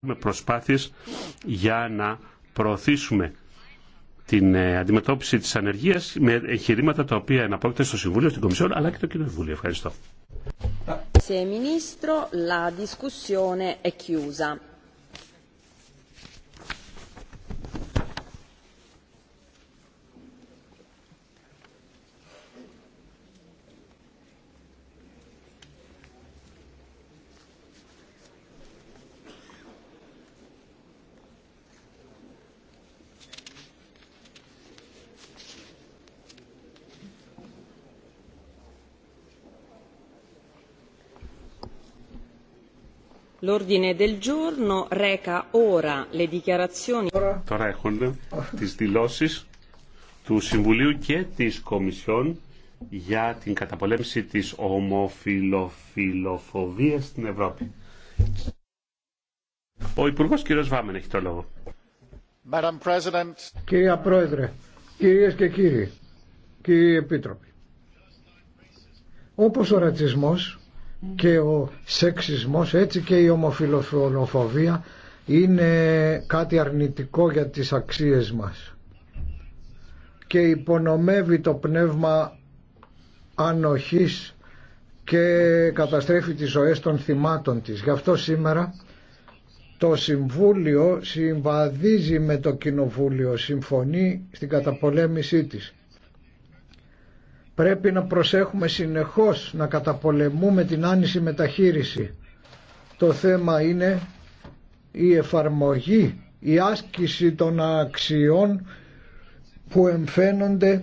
με προσπάθειες για να προωθήσουμε την ε, αντιμετώπιση της ανεργίας με εγχειρήματα τα οποία εναπόκειται στο Συμβούλιο, στην Κομισιόν αλλά και το Κοινοβούλιο. Ευχαριστώ. Σε μινίστρο, la discussione è chiusa. L'ordine del giorno reca ora le dichiarazioni. Τώρα έχουν τις του Συμβουλίου και της Κομισιόν για την καταπολέμηση της ομοφιλοφιλοφοβίας στην Ευρώπη. Ο Υπουργός κ. Βάμεν έχει το λόγο. Κυρία Πρόεδρε, κυρίες και κύριοι, κύριοι Επίτροποι, όπως ο ρατσισμός και ο σεξισμός έτσι και η ομοφιλοφωνοφοβία είναι κάτι αρνητικό για τις αξίες μας και υπονομεύει το πνεύμα ανοχής και καταστρέφει τις ζωές των θυμάτων της. Γι' αυτό σήμερα το Συμβούλιο συμβαδίζει με το Κοινοβούλιο, συμφωνεί στην καταπολέμησή της. Πρέπει να προσέχουμε συνεχώς να καταπολεμούμε την άνηση μεταχείριση. Το θέμα είναι η εφαρμογή, η άσκηση των αξιών που εμφαίνονται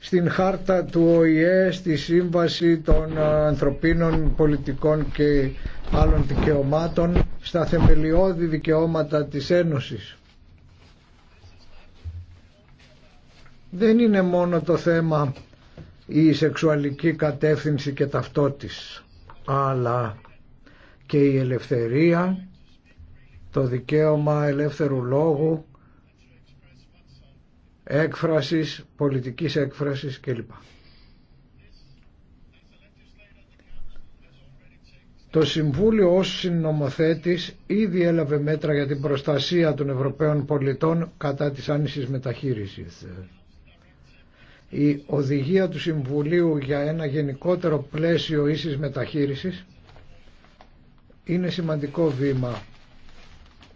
στην χάρτα του ΟΗΕ, στη Σύμβαση των Ανθρωπίνων Πολιτικών και άλλων δικαιωμάτων, στα θεμελιώδη δικαιώματα της Ένωσης. Δεν είναι μόνο το θέμα η σεξουαλική κατεύθυνση και ταυτότης αλλά και η ελευθερία το δικαίωμα ελεύθερου λόγου έκφρασης, πολιτικής έκφρασης κλπ. Το Συμβούλιο ως συνομοθέτης ήδη έλαβε μέτρα για την προστασία των Ευρωπαίων πολιτών κατά της άνησης μεταχείρισης η οδηγία του Συμβουλίου για ένα γενικότερο πλαίσιο ίσης μεταχείρισης είναι σημαντικό βήμα.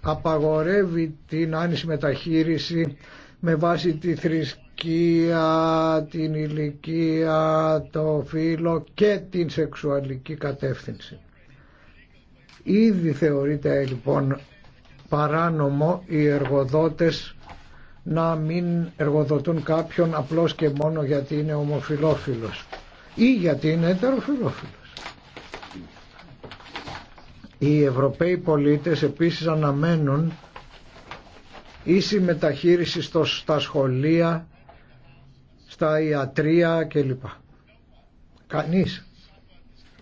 Απαγορεύει την άνηση μεταχείριση με βάση τη θρησκεία, την ηλικία, το φύλλο και την σεξουαλική κατεύθυνση. Ήδη θεωρείται λοιπόν παράνομο οι εργοδότες να μην εργοδοτούν κάποιον απλώς και μόνο γιατί είναι ομοφιλόφιλος ή γιατί είναι ετεροφιλόφιλος. Οι Ευρωπαίοι πολίτες επίσης αναμένουν ίση μεταχείριση στο, στα σχολεία, στα ιατρία κλπ. Κανείς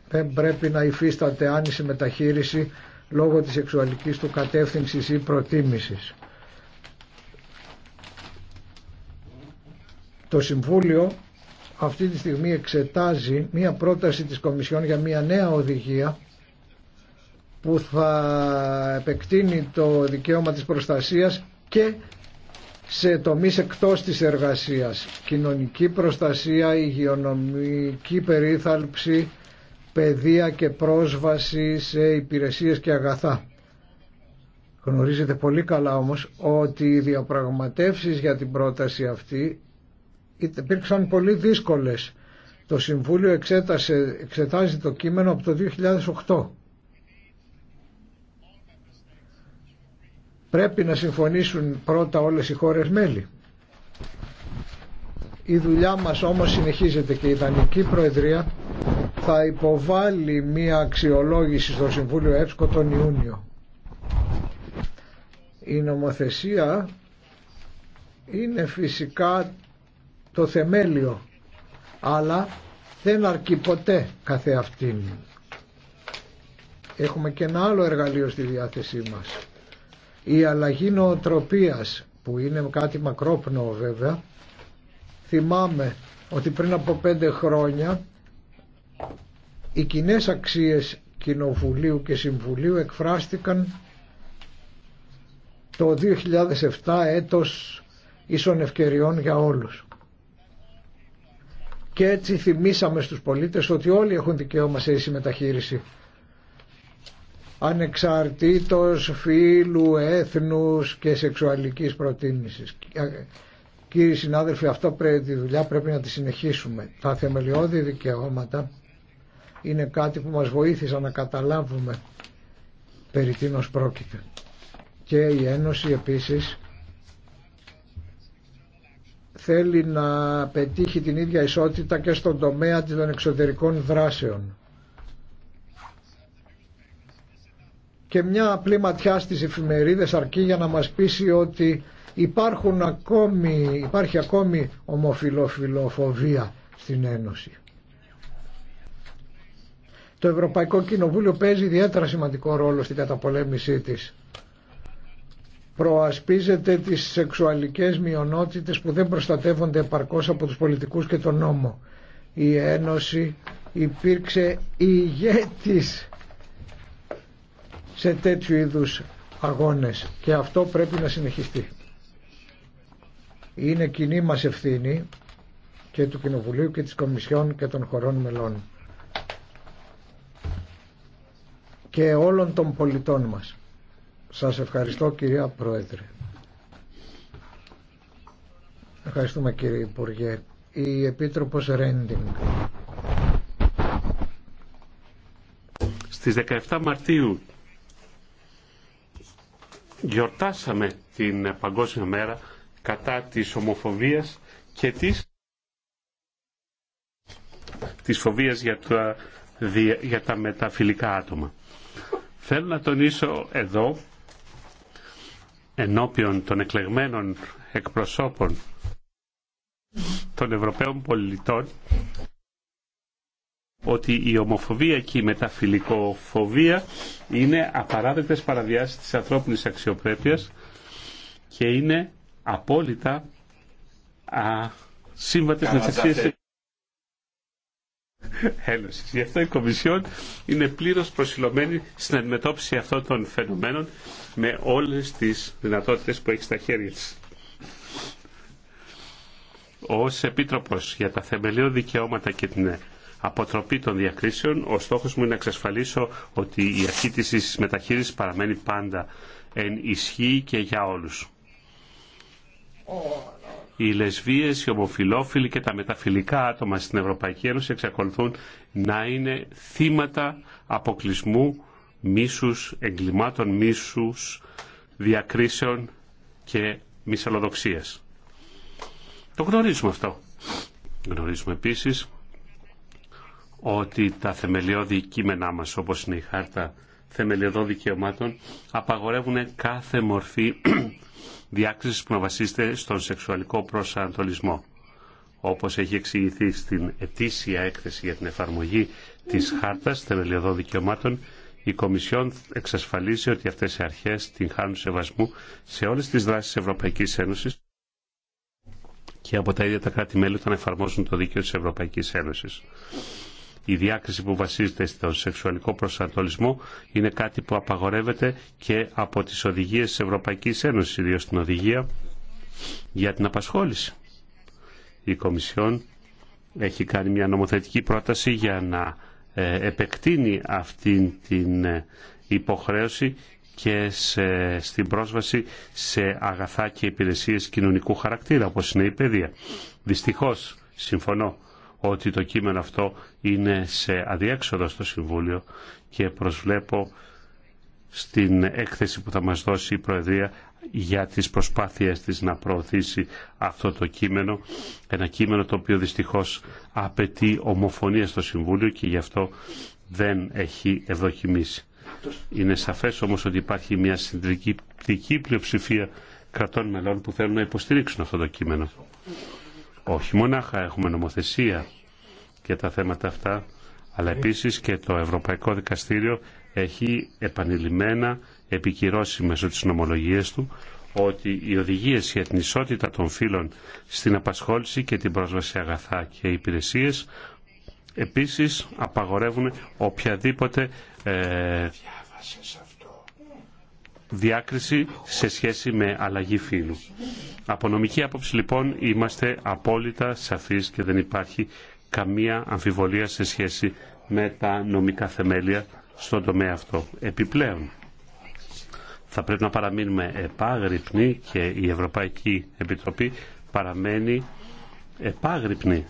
δεν πρέπει να υφίσταται άνηση μεταχείριση λόγω της σεξουαλικής του κατεύθυνσης ή προτίμησης. Το Συμβούλιο αυτή τη στιγμή εξετάζει μία πρόταση της Κομισιόν για μία νέα οδηγία που θα επεκτείνει το δικαίωμα της προστασίας και σε τομείς εκτός της εργασίας. Κοινωνική προστασία, υγειονομική περίθαλψη, παιδεία και πρόσβαση σε υπηρεσίες και αγαθά. Γνωρίζετε πολύ καλά όμως ότι οι διαπραγματεύσεις για την πρόταση αυτή υπήρξαν πολύ δύσκολες. Το Συμβούλιο εξέτασε, εξετάζει το κείμενο από το 2008. Πρέπει να συμφωνήσουν πρώτα όλες οι χώρες μέλη. Η δουλειά μας όμως συνεχίζεται και η Ιδανική Προεδρία θα υποβάλει μία αξιολόγηση στο Συμβούλιο ΕΠΣΚΟ τον Ιούνιο. Η νομοθεσία είναι φυσικά το θεμέλιο αλλά δεν αρκεί ποτέ καθε αυτήν. Έχουμε και ένα άλλο εργαλείο στη διάθεσή μας. Η αλλαγή νοοτροπίας που είναι κάτι μακρόπνοο βέβαια. Θυμάμαι ότι πριν από πέντε χρόνια οι κοινέ αξίες Κοινοβουλίου και Συμβουλίου εκφράστηκαν το 2007 έτος ίσων ευκαιριών για όλους και έτσι θυμήσαμε στους πολίτες ότι όλοι έχουν δικαίωμα σε ίση μεταχείριση ανεξαρτήτως φίλου, έθνους και σεξουαλικής προτίμησης. Κύριοι συνάδελφοι, αυτό πρέπει, τη δουλειά πρέπει να τη συνεχίσουμε. Τα θεμελιώδη δικαιώματα είναι κάτι που μας βοήθησαν να καταλάβουμε περί τίνος πρόκειται. Και η Ένωση επίσης θέλει να πετύχει την ίδια ισότητα και στον τομέα των εξωτερικών δράσεων. Και μια απλή ματιά στις εφημερίδες αρκεί για να μας πείσει ότι υπάρχουν ακόμη, υπάρχει ακόμη ομοφιλοφιλοφοβία στην Ένωση. Το Ευρωπαϊκό Κοινοβούλιο παίζει ιδιαίτερα σημαντικό ρόλο στην καταπολέμησή της προασπίζεται τις σεξουαλικές μειονότητες που δεν προστατεύονται επαρκώς από τους πολιτικούς και τον νόμο. Η Ένωση υπήρξε ηγέτης σε τέτοιου είδους αγώνες και αυτό πρέπει να συνεχιστεί. Είναι κοινή μας ευθύνη και του Κοινοβουλίου και της Κομισιόν και των χωρών μελών και όλων των πολιτών μας. Σας ευχαριστώ κυρία Πρόεδρε. Ευχαριστούμε κύριε Υπουργέ. Η Επίτροπος Ρέντινγκ. Στις 17 Μαρτίου γιορτάσαμε την Παγκόσμια Μέρα κατά της ομοφοβίας και της, της φοβίας για τα, για τα μεταφιλικά άτομα. Θέλω να τονίσω εδώ ενώπιον των εκλεγμένων εκπροσώπων των Ευρωπαίων πολιτών ότι η ομοφοβία και η μεταφιλικοφοβία είναι απαράδεκτες παραδιάσεις της ανθρώπινης αξιοπρέπειας και είναι απόλυτα ασύμβατες με τις Ένωση. Γι' αυτό η Κομισιόν είναι πλήρω προσιλωμένη στην αντιμετώπιση αυτών των φαινομένων με όλες τι δυνατότητες που έχει στα χέρια τη. Ω επίτροπο για τα θεμελιώδη δικαιώματα και την αποτροπή των διακρίσεων, ο στόχο μου είναι να εξασφαλίσω ότι η αρχή τη μεταχείρισης παραμένει πάντα εν ισχύ και για όλους οι λεσβείες, οι ομοφιλόφιλοι και τα μεταφιλικά άτομα στην Ευρωπαϊκή Ένωση εξακολουθούν να είναι θύματα αποκλεισμού, μίσους, εγκλημάτων μίσους, διακρίσεων και μυσαλλοδοξίας. Το γνωρίζουμε αυτό. Γνωρίζουμε επίσης ότι τα θεμελιώδη κείμενά μας, όπως είναι η Χάρτα Θεμελιωδών Δικαιωμάτων, απαγορεύουν κάθε μορφή Διάκριση που να βασίζεται στον σεξουαλικό προσανατολισμό. Όπως έχει εξηγηθεί στην ετήσια έκθεση για την εφαρμογή της Χάρτας Θεμελιωδών Δικαιωμάτων, η Κομισιόν εξασφαλίζει ότι αυτές οι αρχές την χάνουν σεβασμού σε όλες τις δράσεις τη Ευρωπαϊκής Ένωσης και από τα ίδια τα κράτη-μέλη όταν εφαρμόσουν το δίκαιο τη Ευρωπαϊκή Ένωση η διάκριση που βασίζεται στο σεξουαλικό προσανατολισμό είναι κάτι που απαγορεύεται και από τις οδηγίες της Ευρωπαϊκής Ένωσης, ιδίως την οδηγία για την απασχόληση. Η Κομισιόν έχει κάνει μια νομοθετική πρόταση για να ε, επεκτείνει αυτή την ε, υποχρέωση και στην πρόσβαση σε αγαθά και υπηρεσίες κοινωνικού χαρακτήρα, όπως είναι η παιδεία. Δυστυχώς, συμφωνώ ότι το κείμενο αυτό είναι σε αδιέξοδο στο Συμβούλιο και προσβλέπω στην έκθεση που θα μας δώσει η Προεδρία για τις προσπάθειες της να προωθήσει αυτό το κείμενο. Ένα κείμενο το οποίο δυστυχώς απαιτεί ομοφωνία στο Συμβούλιο και γι' αυτό δεν έχει ευδοκιμήσει. Είναι σαφές όμως ότι υπάρχει μια συντριπτική πλειοψηφία κρατών μελών που θέλουν να υποστηρίξουν αυτό το κείμενο όχι μονάχα έχουμε νομοθεσία για τα θέματα αυτά, αλλά επίσης και το Ευρωπαϊκό Δικαστήριο έχει επανειλημμένα επικυρώσει μέσω της νομολογίας του ότι οι οδηγίες για την ισότητα των φύλων στην απασχόληση και την πρόσβαση αγαθά και υπηρεσίες επίσης απαγορεύουν οποιαδήποτε ε, διάκριση σε σχέση με αλλαγή φύλου. Από νομική άποψη λοιπόν είμαστε απόλυτα σαφείς και δεν υπάρχει καμία αμφιβολία σε σχέση με τα νομικά θεμέλια στον τομέα αυτό. Επιπλέον, θα πρέπει να παραμείνουμε επάγρυπνοι και η Ευρωπαϊκή Επιτροπή παραμένει επάγρυπνη.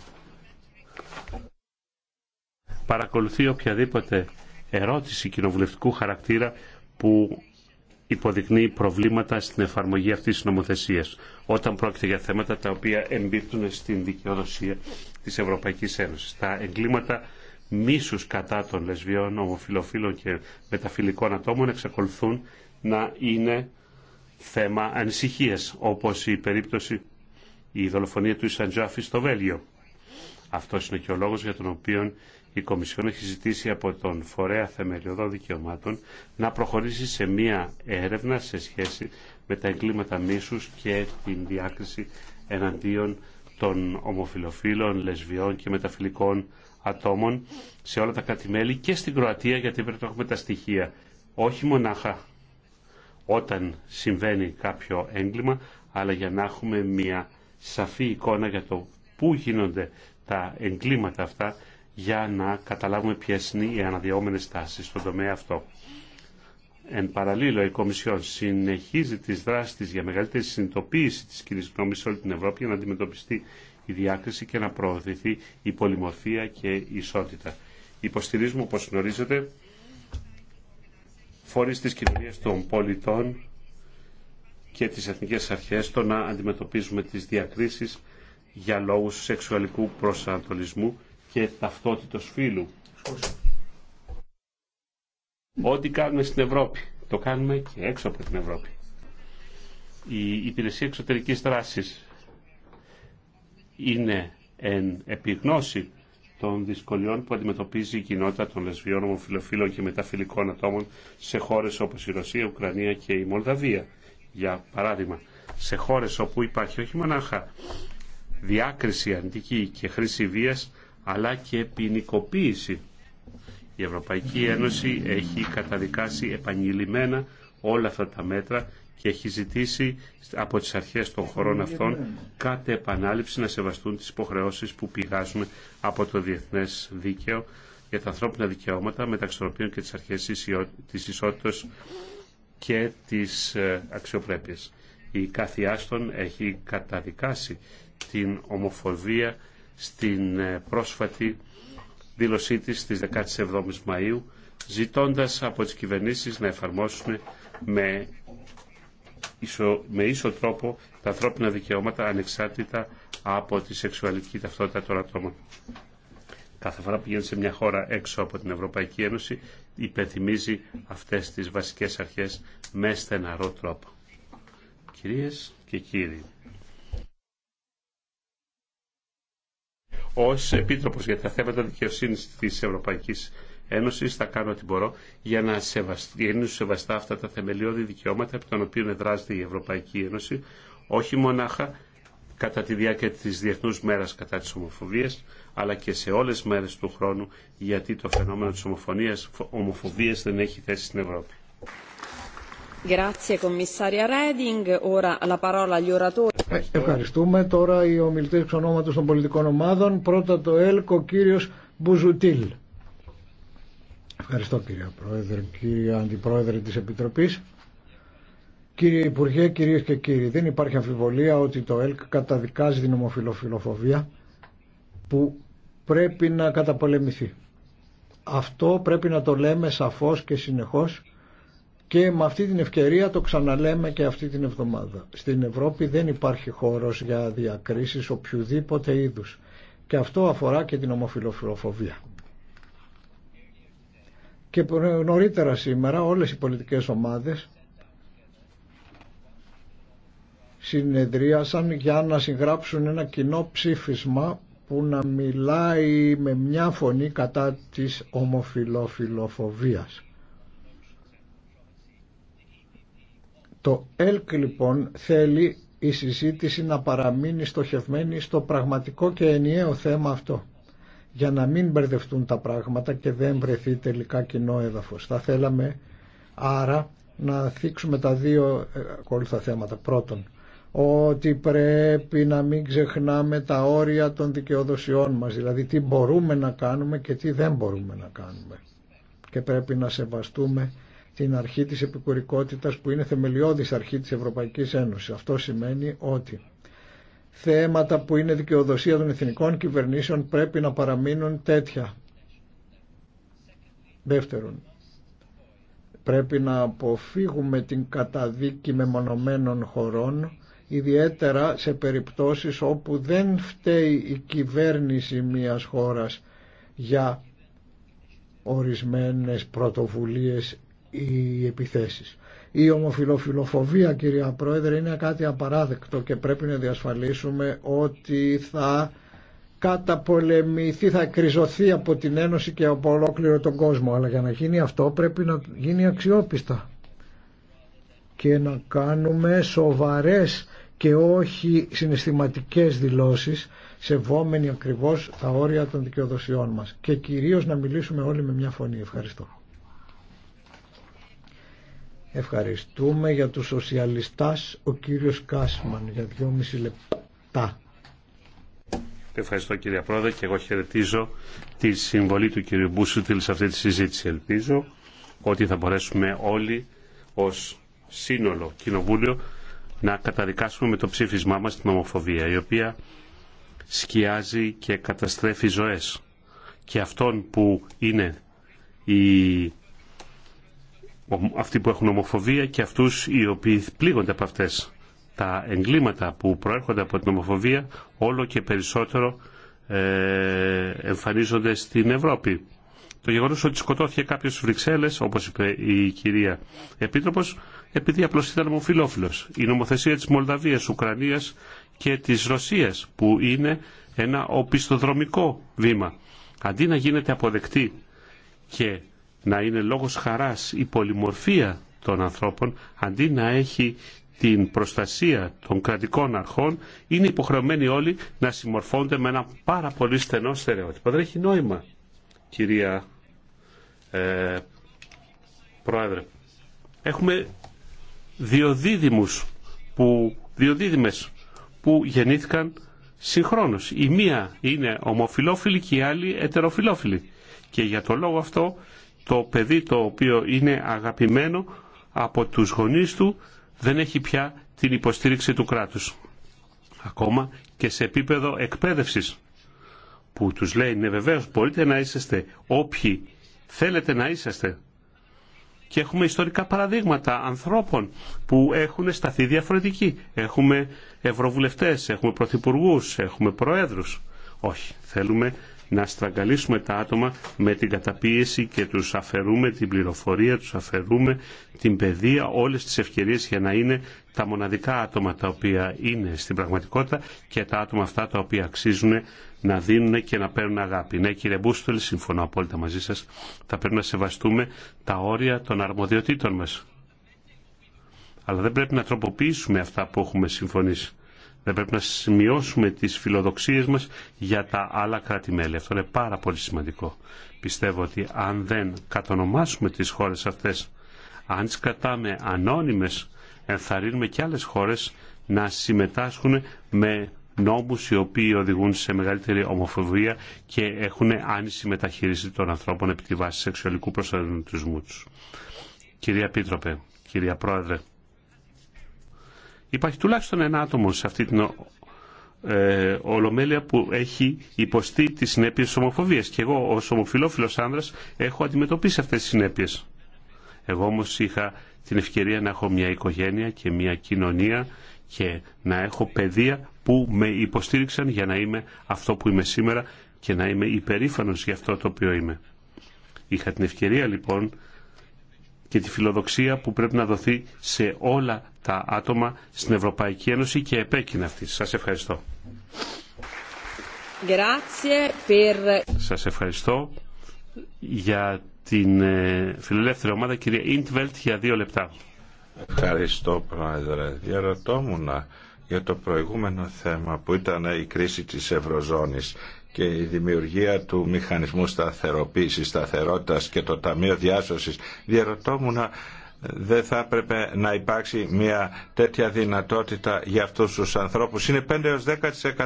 Παρακολουθεί οποιαδήποτε ερώτηση κοινοβουλευτικού χαρακτήρα που υποδεικνύει προβλήματα στην εφαρμογή αυτή τη νομοθεσία, όταν πρόκειται για θέματα τα οποία εμπίπτουν στην δικαιοδοσία της Ευρωπαϊκή Ένωση. Τα εγκλήματα μίσου κατά των λεσβιών, ομοφιλοφίλων και μεταφιλικών ατόμων εξακολουθούν να είναι θέμα ανησυχία, όπω η περίπτωση η δολοφονία του Ισαντζάφη στο Βέλγιο. Αυτό είναι και ο λόγο για τον οποίο η Κομισιόν έχει ζητήσει από τον Φορέα Θεμελιωδών Δικαιωμάτων να προχωρήσει σε μία έρευνα σε σχέση με τα εγκλήματα μίσους και την διάκριση εναντίον των ομοφιλοφίλων, λεσβιών και μεταφιλικών ατόμων σε όλα τα κρατη και στην Κροατία γιατί πρέπει να έχουμε τα στοιχεία. Όχι μονάχα όταν συμβαίνει κάποιο έγκλημα, αλλά για να έχουμε μια σαφή εικόνα για το πού γίνονται τα εγκλήματα αυτά για να καταλάβουμε ποιε είναι οι αναδυόμενε τάσεις στον τομέα αυτό. Εν παραλίλω, η Κομισιόν συνεχίζει τι δράσει τη για μεγαλύτερη συνειδητοποίηση τη κοινή γνώμη σε όλη την Ευρώπη για να αντιμετωπιστεί η διάκριση και να προωθηθεί η πολυμορφία και η ισότητα. Υποστηρίζουμε, όπω γνωρίζετε, φορεί τη κοινωνία των πολιτών και τι εθνικέ αρχέ, το να αντιμετωπίζουμε τι διακρίσεις για λόγους σεξουαλικού προσανατολισμού και ταυτότητος φίλου. Ό,τι κάνουμε στην Ευρώπη, το κάνουμε και έξω από την Ευρώπη. Η υπηρεσία εξωτερικής δράσης είναι εν επιγνώση των δυσκολιών που αντιμετωπίζει η κοινότητα των λεσβιών, ομοφιλοφίλων και μεταφιλικών ατόμων σε χώρες όπως η Ρωσία, η Ουκρανία και η Μολδαβία. Για παράδειγμα, σε χώρες όπου υπάρχει όχι μονάχα διάκριση αντική και χρήση βίας, αλλά και ποινικοποίηση. Η Ευρωπαϊκή Ένωση έχει καταδικάσει επανειλημμένα όλα αυτά τα μέτρα και έχει ζητήσει από τις αρχές των χωρών αυτών κάθε επανάληψη να σεβαστούν τις υποχρεώσεις που πηγάζουν από το διεθνές δίκαιο για τα ανθρώπινα δικαιώματα μεταξύ των οποίων και τις αρχές της ισότητας και της ε, αξιοπρέπειας. Η κάθε Άστον έχει καταδικάσει την ομοφοβία στην ε, πρόσφατη δήλωσή της στις 17 Μαΐου ζητώντας από τις κυβερνήσεις να εφαρμόσουν με ίσο, με ίσο τρόπο τα ανθρώπινα δικαιώματα ανεξάρτητα από τη σεξουαλική ταυτότητα των ατόμων. Κάθε φορά που πηγαίνει σε μια χώρα έξω από την Ευρωπαϊκή Ένωση υπενθυμίζει αυτές τις βασικές αρχές με στεναρό τρόπο. Κυρίες και κύριοι, ως Επίτροπος για τα θέματα δικαιοσύνη της Ευρωπαϊκής Ένωσης θα κάνω ό,τι μπορώ για να γίνουν σεβαστά αυτά τα θεμελιώδη δικαιώματα από τα οποία εδράζεται η Ευρωπαϊκή Ένωση, όχι μονάχα κατά τη διάρκεια της διεθνού Μέρας κατά της Ομοφοβίας, αλλά και σε όλες τις μέρες του χρόνου, γιατί το φαινόμενο τη Ομοφωνία δεν έχει θέση στην Ευρώπη. Grazie Ευχαριστούμε. Τώρα οι ομιλητέ εξ ονόματο των πολιτικών ομάδων. Πρώτα το ΕΛΚΟ, κύριο Μπουζουτήλ. Ευχαριστώ κύριε Πρόεδρε, κύριε Αντιπρόεδρε της Επιτροπής. Κύριε Υπουργέ, κύριε και κύριοι, δεν υπάρχει αμφιβολία ότι το ΕΛΚ καταδικάζει την ομοφιλοφιλοφοβία που πρέπει να καταπολεμηθεί. Αυτό πρέπει να το λέμε σαφώς και συνεχώς και με αυτή την ευκαιρία το ξαναλέμε και αυτή την εβδομάδα. Στην Ευρώπη δεν υπάρχει χώρος για διακρίσεις οποιοδήποτε είδους. Και αυτό αφορά και την ομοφιλοφιλοφοβία. Και νωρίτερα σήμερα όλες οι πολιτικές ομάδες συνεδρίασαν για να συγγράψουν ένα κοινό ψήφισμα που να μιλάει με μια φωνή κατά της ομοφιλοφιλοφοβίας. Το ΕΛΚ λοιπόν θέλει η συζήτηση να παραμείνει στοχευμένη στο πραγματικό και ενιαίο θέμα αυτό για να μην μπερδευτούν τα πράγματα και δεν βρεθεί τελικά κοινό έδαφος. Θα θέλαμε άρα να θίξουμε τα δύο ε, ακόλουθα θέματα. Πρώτον, ότι πρέπει να μην ξεχνάμε τα όρια των δικαιοδοσιών μας, δηλαδή τι μπορούμε να κάνουμε και τι δεν μπορούμε να κάνουμε. Και πρέπει να σεβαστούμε την αρχή της επικουρικότητας που είναι θεμελιώδης αρχή της Ευρωπαϊκής Ένωσης. Αυτό σημαίνει ότι θέματα που είναι δικαιοδοσία των εθνικών κυβερνήσεων πρέπει να παραμείνουν τέτοια. Δεύτερον, πρέπει να αποφύγουμε την καταδίκη μεμονωμένων χωρών ιδιαίτερα σε περιπτώσεις όπου δεν φταίει η κυβέρνηση μιας χώρας για ορισμένες πρωτοβουλίες οι επιθέσεις. Η ομοφιλοφιλοφοβία κυρία Πρόεδρε είναι κάτι απαράδεκτο και πρέπει να διασφαλίσουμε ότι θα καταπολεμηθεί, θα εκκριζωθεί από την Ένωση και από ολόκληρο τον κόσμο. Αλλά για να γίνει αυτό πρέπει να γίνει αξιόπιστα και να κάνουμε σοβαρές και όχι συναισθηματικές δηλώσεις σεβόμενοι ακριβώς τα όρια των δικαιοδοσιών μας και κυρίως να μιλήσουμε όλοι με μια φωνή. Ευχαριστώ. Ευχαριστούμε για τους σοσιαλιστάς ο κύριος Κάσμαν για δυόμιση λεπτά. Ευχαριστώ κύριε Πρόεδρε και εγώ χαιρετίζω τη συμβολή του κύριου Μπούσουτιλ σε αυτή τη συζήτηση. Ελπίζω ότι θα μπορέσουμε όλοι ως σύνολο κοινοβούλιο να καταδικάσουμε με το ψήφισμά μας την ομοφοβία η οποία σκιάζει και καταστρέφει ζωές και αυτόν που είναι η αυτοί που έχουν ομοφοβία και αυτούς οι οποίοι πλήγονται από αυτές. Τα εγκλήματα που προέρχονται από την ομοφοβία όλο και περισσότερο ε, εμφανίζονται στην Ευρώπη. Το γεγονός ότι σκοτώθηκε κάποιος στις Βρυξέλλες, όπω είπε η κυρία Επίτροπο, επειδή απλώ ήταν ομοφυλόφιλο. Η νομοθεσία της Μολδαβίας, Ουκρανία και τη Ρωσία, που είναι ένα οπισθοδρομικό βήμα. Αντί να γίνεται αποδεκτή και να είναι λόγος χαράς η πολυμορφία των ανθρώπων αντί να έχει την προστασία των κρατικών αρχών είναι υποχρεωμένοι όλοι να συμμορφώνονται με ένα πάρα πολύ στενό στερεότυπο. Δεν έχει νόημα, κυρία ε, Πρόεδρε. Έχουμε διοδίδυμους που, που γεννήθηκαν συγχρόνως. Η μία είναι ομοφιλόφιλη και η άλλη ετεροφιλόφιλη. Και για το λόγο αυτό το παιδί το οποίο είναι αγαπημένο από τους γονείς του δεν έχει πια την υποστήριξη του κράτους. Ακόμα και σε επίπεδο εκπαίδευσης που τους λέει ναι βεβαίως μπορείτε να είσαστε όποιοι θέλετε να είσαστε. Και έχουμε ιστορικά παραδείγματα ανθρώπων που έχουν σταθεί διαφορετικοί. Έχουμε ευρωβουλευτές, έχουμε πρωθυπουργούς, έχουμε προέδρους. Όχι, θέλουμε να στραγγαλίσουμε τα άτομα με την καταπίεση και τους αφαιρούμε την πληροφορία, τους αφαιρούμε την παιδεία, όλες τις ευκαιρίες για να είναι τα μοναδικά άτομα τα οποία είναι στην πραγματικότητα και τα άτομα αυτά τα οποία αξίζουν να δίνουν και να παίρνουν αγάπη. Ναι, κύριε Μπούστολη, συμφωνώ απόλυτα μαζί σας, θα πρέπει να σεβαστούμε τα όρια των αρμοδιοτήτων μας. Αλλά δεν πρέπει να τροποποιήσουμε αυτά που έχουμε συμφωνήσει. Δεν πρέπει να σημειώσουμε τις φιλοδοξίες μας για τα άλλα κράτη-μέλη. Αυτό είναι πάρα πολύ σημαντικό. Πιστεύω ότι αν δεν κατονομάσουμε τις χώρες αυτές, αν τις κρατάμε ανώνυμες, ενθαρρύνουμε και άλλες χώρες να συμμετάσχουν με νόμους οι οποίοι οδηγούν σε μεγαλύτερη ομοφοβία και έχουν άνηση μεταχείριση των ανθρώπων επί τη βάση σεξουαλικού προσανατολισμού τους. Κυρία Πίτροπε, κυρία Πρόεδρε, Υπάρχει τουλάχιστον ένα άτομο σε αυτή την ε, ολομέλεια που έχει υποστεί τις συνέπειες της ομοφοβίας και εγώ ως ομοφιλόφιλος άνδρας έχω αντιμετωπίσει αυτές τις συνέπειες. Εγώ όμως είχα την ευκαιρία να έχω μια οικογένεια και μια κοινωνία και να έχω παιδεία που με υποστήριξαν για να είμαι αυτό που είμαι σήμερα και να είμαι υπερήφανος για αυτό το οποίο είμαι. Είχα την ευκαιρία λοιπόν και τη φιλοδοξία που πρέπει να δοθεί σε όλα τα άτομα στην Ευρωπαϊκή Ένωση και επέκεινα αυτή. Σας ευχαριστώ. Σας ευχαριστώ για την ε, φιλελεύθερη ομάδα κυρία Ιντβελτ για δύο λεπτά. Ευχαριστώ Πρόεδρε. Διαρωτόμουν για το προηγούμενο θέμα που ήταν η κρίση της Ευρωζώνης και η δημιουργία του μηχανισμού σταθεροποίησης, σταθερότητας και το Ταμείο Διάσωσης. να δεν θα έπρεπε να υπάρξει μια τέτοια δυνατότητα για αυτούς τους ανθρώπους. Είναι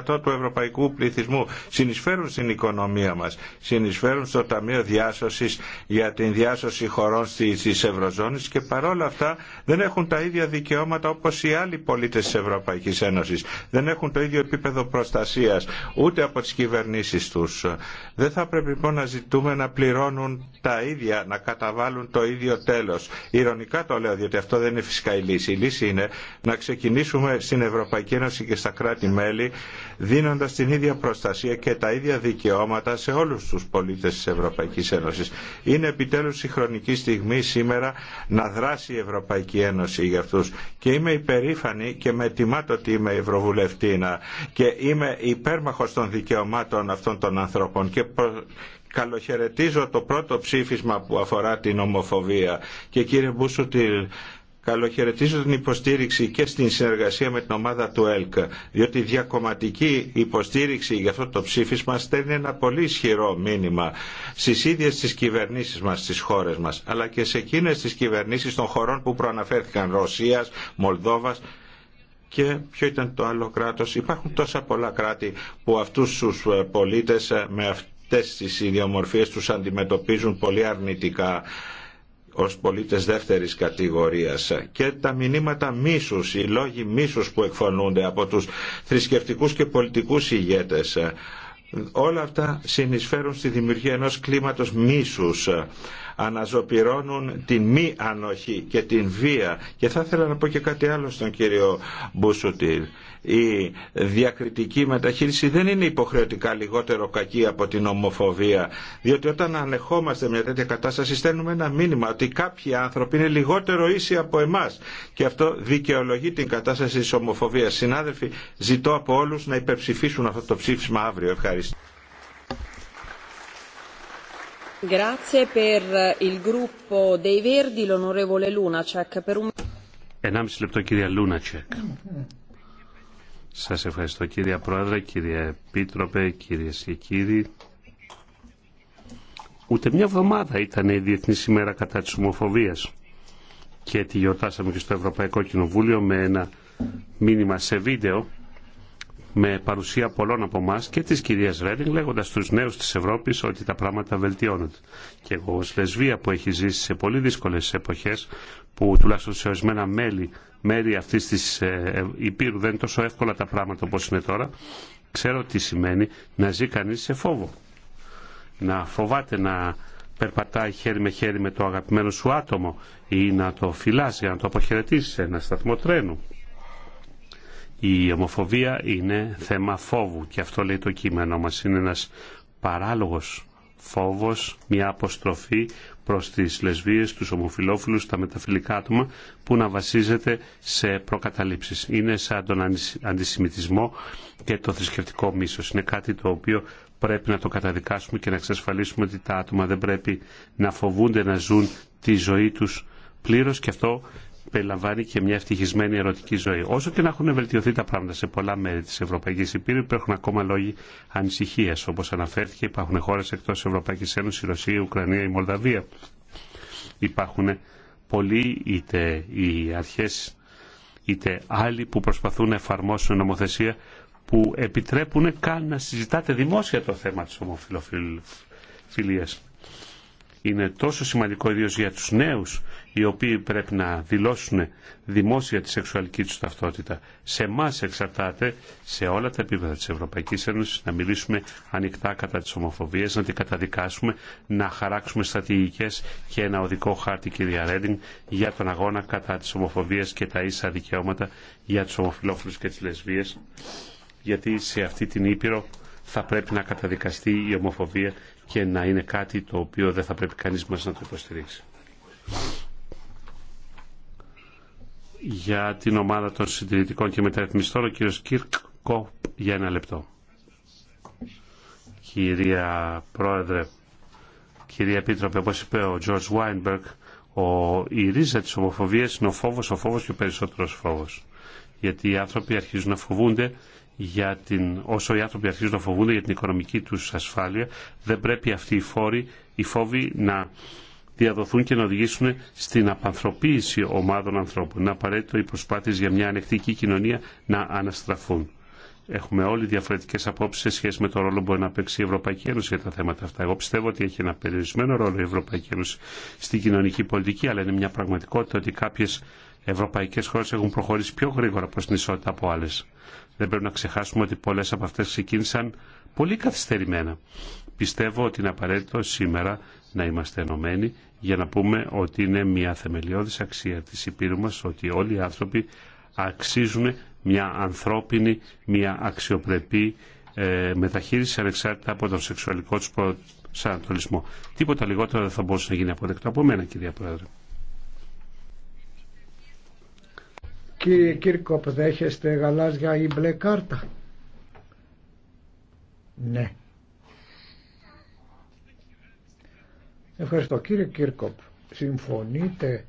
5-10% του ευρωπαϊκού πληθυσμού. Συνεισφέρουν στην οικονομία μας. Συνεισφέρουν στο Ταμείο Διάσωσης για την διάσωση χωρών στις Ευρωζώνης και παρόλα αυτά δεν έχουν τα ίδια δικαιώματα όπως οι άλλοι πολίτες της Ευρωπαϊκής Ένωσης. Δεν έχουν το ίδιο επίπεδο προστασίας ούτε από τις κυβερνήσεις τους. Δεν θα πρέπει λοιπόν να ζητούμε να πληρώνουν τα ίδια, να καταβάλουν το ίδιο τέλος Ειδικά το λέω διότι αυτό δεν είναι φυσικά η λύση. Η λύση είναι να ξεκινήσουμε στην Ευρωπαϊκή Ένωση και στα κράτη-μέλη δίνοντας την ίδια προστασία και τα ίδια δικαιώματα σε όλους τους πολίτες της Ευρωπαϊκής Ένωσης. Είναι επιτέλους η χρονική στιγμή σήμερα να δράσει η Ευρωπαϊκή Ένωση για αυτούς. Και είμαι υπερήφανη και με τιμά το ότι είμαι Ευρωβουλευτήνα και είμαι υπέρμαχος των δικαιωμάτων αυτών των ανθρώπων και καλοχαιρετίζω το πρώτο ψήφισμα που αφορά την ομοφοβία και κύριε Μπούσουτιλ Καλοχαιρετίζω την υποστήριξη και στην συνεργασία με την ομάδα του ΕΛΚ, διότι η διακομματική υποστήριξη για αυτό το ψήφισμα στέλνει ένα πολύ ισχυρό μήνυμα στι ίδιε τις κυβερνήσει μα, στι χώρε μα, αλλά και σε εκείνε τις κυβερνήσεις των χωρών που προαναφέρθηκαν, Ρωσίας, Μολδόβας και ποιο ήταν το άλλο κράτος. Υπάρχουν τόσα πολλά κράτη που αυτούς τους ε, πολίτες ε, με αυτή αυτές τις ιδιομορφίες τους αντιμετωπίζουν πολύ αρνητικά ως πολίτες δεύτερης κατηγορίας και τα μηνύματα μίσους, οι λόγοι μίσους που εκφωνούνται από τους θρησκευτικούς και πολιτικούς ηγέτες. Όλα αυτά συνεισφέρουν στη δημιουργία ενός κλίματος μίσους αναζωπυρώνουν την μη ανοχή και την βία. Και θα ήθελα να πω και κάτι άλλο στον κύριο Μπουσουτήρ. Η διακριτική μεταχείριση δεν είναι υποχρεωτικά λιγότερο κακή από την ομοφοβία. Διότι όταν ανεχόμαστε μια τέτοια κατάσταση στέλνουμε ένα μήνυμα ότι κάποιοι άνθρωποι είναι λιγότερο ίσοι από εμάς Και αυτό δικαιολογεί την κατάσταση της ομοφοβίας. Συνάδελφοι, ζητώ από όλους να υπερψηφίσουν αυτό το ψήφισμα αύριο. Ευχαριστώ. Ενάμιση λεπτό κυρία Λούνατσεκ. Σας ευχαριστώ κυρία Πρόεδρε, κύριε Επίτροπε, κύριε και κύριοι. Ούτε μια εβδομάδα ήταν η Διεθνή ημέρα κατά της ομοφοβίας και τη γιορτάσαμε και στο Ευρωπαϊκό Κοινοβούλιο με ένα μήνυμα σε βίντεο με παρουσία πολλών από εμά και τη κυρία Ρέντινγκ, λέγοντα στου νέου τη Ευρώπη ότι τα πράγματα βελτιώνονται. Και εγώ, ω λεσβία που έχει ζήσει σε πολύ δύσκολε εποχέ, που τουλάχιστον σε ορισμένα μέλη, μέρη αυτή τη ε, ε, Υπήρου δεν είναι τόσο εύκολα τα πράγματα όπω είναι τώρα, ξέρω τι σημαίνει να ζει κανεί σε φόβο. Να φοβάται να περπατάει χέρι με χέρι με το αγαπημένο σου άτομο ή να το φυλάσει, να το αποχαιρετήσει σε ένα σταθμό τρένου η ομοφοβία είναι θέμα φόβου και αυτό λέει το κείμενο μας. Είναι ένας παράλογος φόβος, μια αποστροφή προς τις λεσβίες, τους ομοφιλόφιλους, τα μεταφιλικά άτομα που να βασίζεται σε προκαταλήψεις. Είναι σαν τον αντισημιτισμό και το θρησκευτικό μίσος. Είναι κάτι το οποίο πρέπει να το καταδικάσουμε και να εξασφαλίσουμε ότι τα άτομα δεν πρέπει να φοβούνται να ζουν τη ζωή τους πλήρως και αυτό περιλαμβάνει και μια ευτυχισμένη ερωτική ζωή. Όσο και να έχουν βελτιωθεί τα πράγματα σε πολλά μέρη τη Ευρωπαϊκή Υπήρου, υπάρχουν ακόμα λόγοι ανησυχία. Όπω αναφέρθηκε, υπάρχουν χώρε εκτό Ευρωπαϊκή Ένωση, η Ρωσία, η Ουκρανία, η Μολδαβία. Υπάρχουν πολλοί, είτε οι αρχέ, είτε άλλοι που προσπαθούν να εφαρμόσουν νομοθεσία που επιτρέπουν καν να συζητάτε δημόσια το θέμα τη ομοφιλοφιλίας. Είναι τόσο σημαντικό ιδίω για του νέου οι οποίοι πρέπει να δηλώσουν δημόσια τη σεξουαλική τους ταυτότητα. Σε εμά εξαρτάται σε όλα τα επίπεδα τη Ευρωπαϊκή Ένωση, να μιλήσουμε ανοιχτά κατά της ομοφοβίας, να την καταδικάσουμε, να χαράξουμε στρατηγικέ και ένα οδικό χάρτη κυρία Ρέντιν για τον αγώνα κατά της ομοφοβίας και τα ίσα δικαιώματα για του ομοφυλόφιλου και τι λεσβείε. γιατί σε αυτή την Ήπειρο θα πρέπει να καταδικαστεί η ομοφοβία και να είναι κάτι το οποίο δεν θα πρέπει κανείς μας να το υποστηρίξει για την ομάδα των συντηρητικών και μεταρρυθμιστών, ο κύριος Κίρκ Κόπ, για ένα λεπτό. Κυρία Πρόεδρε, κυρία Επίτροπε, όπως είπε ο Τζορτς Βάινμπεργκ, ο, η ρίζα της ομοφοβίας είναι ο φόβος, ο φόβος και ο περισσότερος φόβος. Γιατί οι άνθρωποι αρχίζουν να φοβούνται για την, όσο οι άνθρωποι αρχίζουν να φοβούνται για την οικονομική τους ασφάλεια, δεν πρέπει αυτοί οι, φόροι, οι φόβοι να διαδοθούν και να οδηγήσουν στην απανθρωποίηση ομάδων ανθρώπων. Είναι απαραίτητο οι προσπάθειε για μια ανεκτική κοινωνία να αναστραφούν. Έχουμε όλοι διαφορετικέ απόψει σε σχέση με το ρόλο που μπορεί να παίξει η Ευρωπαϊκή Ένωση για τα θέματα αυτά. Εγώ πιστεύω ότι έχει ένα περιορισμένο ρόλο η Ευρωπαϊκή Ένωση στην κοινωνική πολιτική, αλλά είναι μια πραγματικότητα ότι κάποιε ευρωπαϊκέ χώρε έχουν προχωρήσει πιο γρήγορα προ την ισότητα από άλλε. Δεν πρέπει να ξεχάσουμε ότι πολλέ από αυτέ ξεκίνησαν πολύ καθυστερημένα. Πιστεύω ότι είναι απαραίτητο σήμερα να είμαστε ενωμένοι για να πούμε ότι είναι μια θεμελιώδης αξία της Υπήρου μας ότι όλοι οι άνθρωποι αξίζουν μια ανθρώπινη, μια αξιοπρεπή ε, μεταχείριση ανεξάρτητα από τον σεξουαλικό τους προσανατολισμό. Τίποτα λιγότερο δεν θα μπορούσε να γίνει αποδεκτό από μένα κυρία Πρόεδρε. Κύριε Κύρκοπ, δέχεστε γαλάζια ή μπλε κάρτα. Ναι. Ευχαριστώ. Κύριε Κίρκοπ, συμφωνείτε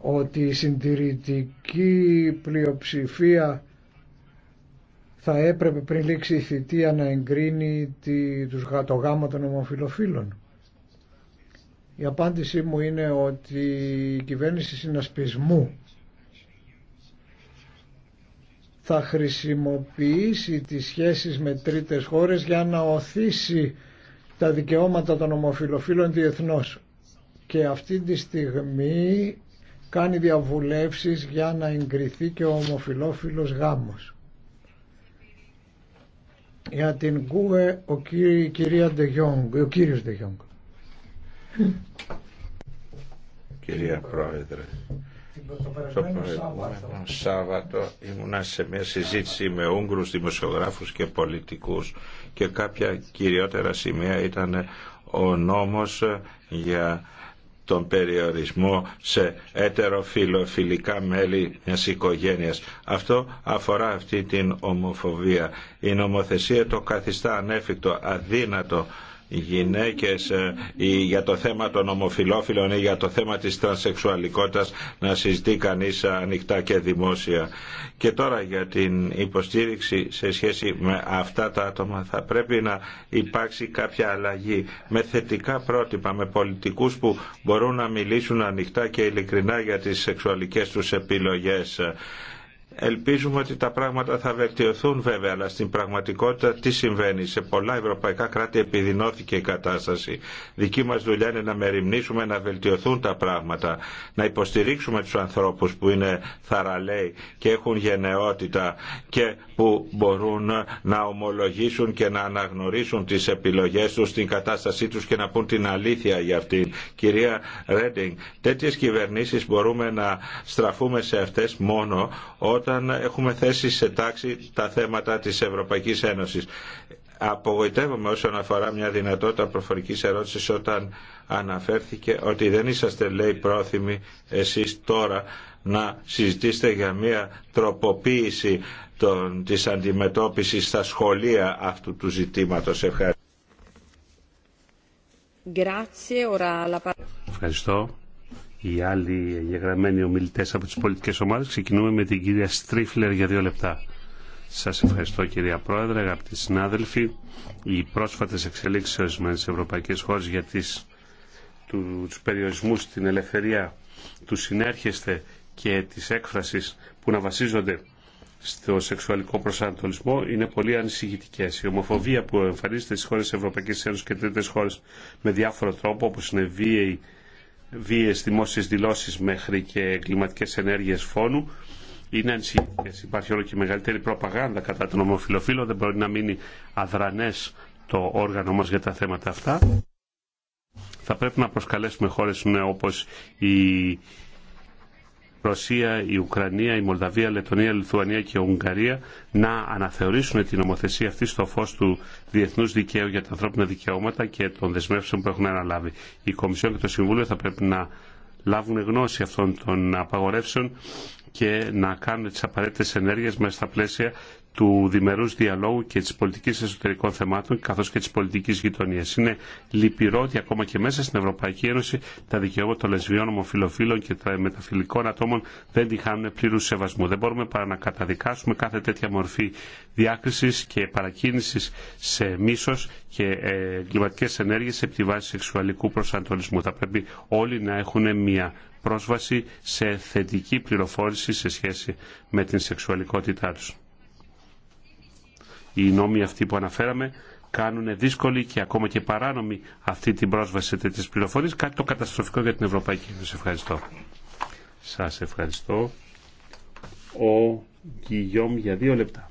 ότι η συντηρητική πλειοψηφία θα έπρεπε πριν λήξει η θητεία να εγκρίνει τη, τους, το γάμο των ομοφιλοφίλων. Η απάντησή μου είναι ότι η κυβέρνηση συνασπισμού θα χρησιμοποιήσει τις σχέσεις με τρίτες χώρες για να οθήσει τα δικαιώματα των ομοφιλοφίλων διεθνώς. Και αυτή τη στιγμή κάνει διαβουλεύσεις για να εγκριθεί και ο ομοφιλόφιλος γάμος. Για την ΚΟΥΕ, ο, κύρι, κυρία ο κύριος De Κυρία Πρόεδρε, το προηγούμενο Σάββατο. Σάββατο ήμουνα σε μια συζήτηση με Ούγγρους δημοσιογράφους και πολιτικούς και κάποια κυριότερα σημεία ήταν ο νόμος για τον περιορισμό σε ετεροφιλοφιλικά μέλη μιας οικογένειας. Αυτό αφορά αυτή την ομοφοβία. Η νομοθεσία το καθιστά ανέφικτο, αδύνατο γυναίκες ε, ή για το θέμα των ομοφιλόφιλων ή για το θέμα της τρανσεξουαλικότητας να συζητεί κανείς ανοιχτά και δημόσια. Και τώρα για την υποστήριξη σε σχέση με αυτά τα άτομα θα πρέπει να υπάρξει κάποια αλλαγή με θετικά πρότυπα, με πολιτικούς που μπορούν να μιλήσουν ανοιχτά και ειλικρινά για τις σεξουαλικές τους επιλογές. Ελπίζουμε ότι τα πράγματα θα βελτιωθούν βέβαια, αλλά στην πραγματικότητα τι συμβαίνει. Σε πολλά ευρωπαϊκά κράτη επιδεινώθηκε η κατάσταση. Δική μας δουλειά είναι να μεριμνήσουμε, να βελτιωθούν τα πράγματα, να υποστηρίξουμε τους ανθρώπους που είναι θαραλέοι και έχουν γενναιότητα και που μπορούν να ομολογήσουν και να αναγνωρίσουν τις επιλογές τους, την κατάστασή τους και να πούν την αλήθεια για αυτήν. Κυρία Ρέντινγκ, τέτοιες κυβερνήσεις μπορούμε να στραφούμε σε αυτές μόνο όταν έχουμε θέσει σε τάξη τα θέματα της Ευρωπαϊκής Ένωσης. Απογοητεύομαι όσον αφορά μια δυνατότητα προφορικής ερώτησης όταν αναφέρθηκε ότι δεν είσαστε λέει πρόθυμοι εσείς τώρα να συζητήσετε για μια τροποποίηση των, της αντιμετώπισης στα σχολεία αυτού του ζητήματος. Ευχαριστώ οι άλλοι εγγεγραμμένοι ομιλητές από τις πολιτικές ομάδες. Ξεκινούμε με την κυρία Στρίφλερ για δύο λεπτά. Σας ευχαριστώ κυρία Πρόεδρε, αγαπητοί συνάδελφοι. Οι πρόσφατες εξελίξεις σε ορισμένες ευρωπαϊκές χώρες για του τους περιορισμούς στην ελευθερία του συνέρχεστε και τη έκφραση που να βασίζονται στο σεξουαλικό προσανατολισμό είναι πολύ ανησυχητικέ. Η ομοφοβία που εμφανίζεται στι χώρε Ευρωπαϊκή Ένωση και τρίτε χώρε με διάφορο τρόπο, όπω είναι βίαιη βίες δημόσιες δηλώσεις μέχρι και κλιματικές ενέργειες φόνου είναι ανησυχητικές. Υπάρχει όλο και μεγαλύτερη προπαγάνδα κατά τον ομοφιλοφίλο. Δεν μπορεί να μείνει αδρανές το όργανο μας για τα θέματα αυτά. Θα πρέπει να προσκαλέσουμε χώρες ναι, όπως η Ρωσία, η Ουκρανία, η Μολδαβία, η Λετωνία, η Λιθουανία και η Ουγγαρία να αναθεωρήσουν την νομοθεσία αυτή στο φω του διεθνού δικαίου για τα ανθρώπινα δικαιώματα και των δεσμεύσεων που έχουν αναλάβει. Η Κομισιόν και το Συμβούλιο θα πρέπει να λάβουν γνώση αυτών των απαγορεύσεων και να κάνουν τις απαραίτητες ενέργειες μέσα στα πλαίσια του διμερούς διαλόγου και της πολιτικής εσωτερικών θεμάτων καθώς και της πολιτικής γειτονίας. Είναι λυπηρό ότι ακόμα και μέσα στην Ευρωπαϊκή Ένωση τα δικαιώματα των λεσβιών, ομοφιλοφίλων και των μεταφιλικών ατόμων δεν τη χάνουν πλήρου σεβασμού. Δεν μπορούμε παρά να καταδικάσουμε κάθε τέτοια μορφή διάκρισης και παρακίνησης σε μίσος και ε, εγκληματικέ ενέργειες επί βάση σεξουαλικού προσανατολισμού. Θα πρέπει όλοι να έχουν μια πρόσβαση σε θετική πληροφόρηση σε σχέση με την σεξουαλικότητά τους. Οι νόμοι αυτοί που αναφέραμε κάνουν δύσκολη και ακόμα και παράνομη αυτή την πρόσβαση σε τέτοιες πληροφορίες, κάτι το καταστροφικό για την Ευρωπαϊκή Ένωση. Ευχαριστώ. Σας ευχαριστώ. Ο Γκυγιόμ για δύο λεπτά.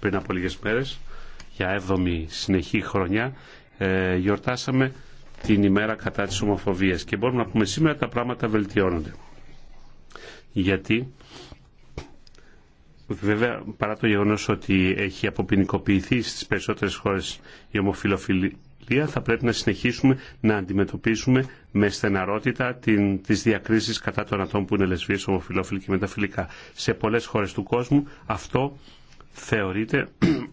Πριν από λίγες μέρες, για έβδομη συνεχή χρονιά, ε, γιορτάσαμε την ημέρα κατά της ομοφοβίας και μπορούμε να πούμε σήμερα τα πράγματα βελτιώνονται. Γιατί βέβαια παρά το γεγονός ότι έχει αποποινικοποιηθεί στις περισσότερες χώρες η ομοφιλοφιλία θα πρέπει να συνεχίσουμε να αντιμετωπίσουμε με στεναρότητα την, τις διακρίσεις κατά των ατόμων που είναι λεσβείες, ομοφιλόφιλοι και μεταφιλικά. Σε πολλές χώρες του κόσμου αυτό θεωρείται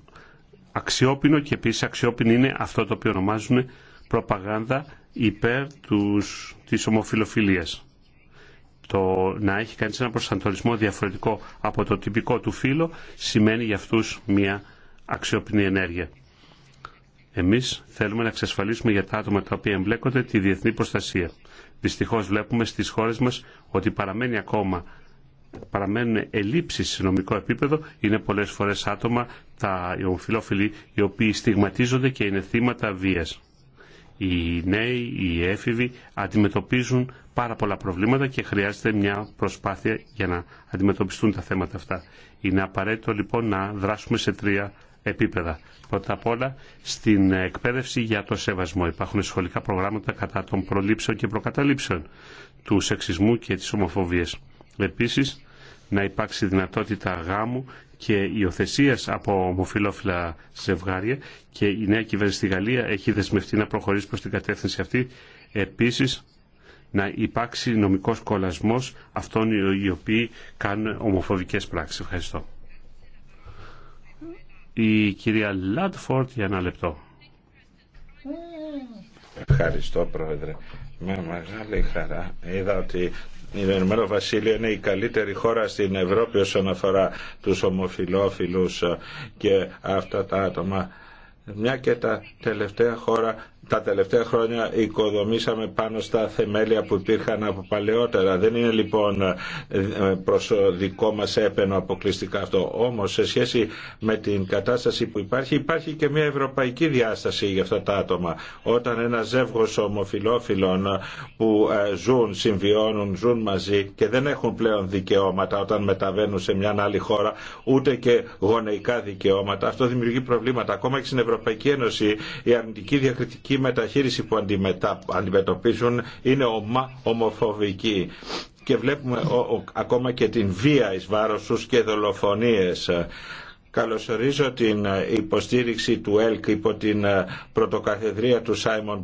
αξιόπινο και επίσης αξιόπινο είναι αυτό το οποίο ονομάζουν προπαγάνδα υπέρ τους, της ομοφιλοφιλίας. Το να έχει κάνει ένα προσανατολισμό διαφορετικό από το τυπικό του φίλο σημαίνει για αυτού μια αξιόπινη ενέργεια. Εμεί θέλουμε να εξασφαλίσουμε για τα άτομα τα οποία εμπλέκονται τη διεθνή προστασία. Δυστυχώ βλέπουμε στι χώρε μα ότι παραμένει ακόμα παραμένουν ελλείψεις σε νομικό επίπεδο. Είναι πολλές φορές άτομα, τα ομοφιλόφιλοι, οι οποίοι στιγματίζονται και είναι θύματα βίας οι νέοι, οι έφηβοι αντιμετωπίζουν πάρα πολλά προβλήματα και χρειάζεται μια προσπάθεια για να αντιμετωπιστούν τα θέματα αυτά. Είναι απαραίτητο λοιπόν να δράσουμε σε τρία επίπεδα. Πρώτα απ' όλα στην εκπαίδευση για το σεβασμό. Υπάρχουν σχολικά προγράμματα κατά των προλήψεων και προκαταλήψεων του σεξισμού και της ομοφοβίας. Επίσης, να υπάρξει δυνατότητα γάμου και υιοθεσία από ομοφυλόφιλα ζευγάρια και η νέα κυβέρνηση στη Γαλλία έχει δεσμευτεί να προχωρήσει προ την κατεύθυνση αυτή. Επίσης, να υπάρξει νομικό κολλασμό αυτών οι οποίοι κάνουν ομοφοβικές πράξει. Ευχαριστώ. Η κυρία Λάντφορτ για ένα λεπτό. Ευχαριστώ πρόεδρε. Με μεγάλη χαρά είδα ότι Ηνωμένο Βασίλειο είναι η καλύτερη χώρα στην Ευρώπη όσον αφορά τους ομοφιλόφιλους και αυτά τα άτομα μια και τα τελευταία χώρα τα τελευταία χρόνια οικοδομήσαμε πάνω στα θεμέλια που υπήρχαν από παλαιότερα. Δεν είναι λοιπόν ε, προς δικό μας έπαινο αποκλειστικά αυτό. Όμως σε σχέση με την κατάσταση που υπάρχει υπάρχει και μια ευρωπαϊκή διάσταση για αυτά τα άτομα. Όταν ένα ζεύγος ομοφιλόφιλων ε, που ε, ζουν, συμβιώνουν, ζουν μαζί και δεν έχουν πλέον δικαιώματα όταν μεταβαίνουν σε μια άλλη χώρα ούτε και γονεϊκά δικαιώματα. Αυτό δημιουργεί προβλήματα. Ακόμα και στην Ευρωπαϊκή Ένωση η αρνητική διακριτική η μεταχείριση που αντιμετωπίζουν είναι ομοφοβική και βλέπουμε ακόμα και την βία εις βάρος τους και δολοφονίες Καλωσορίζω την ε, υποστήριξη του ΕΛΚ υπό την ε, πρωτοκαθεδρία του Σάιμον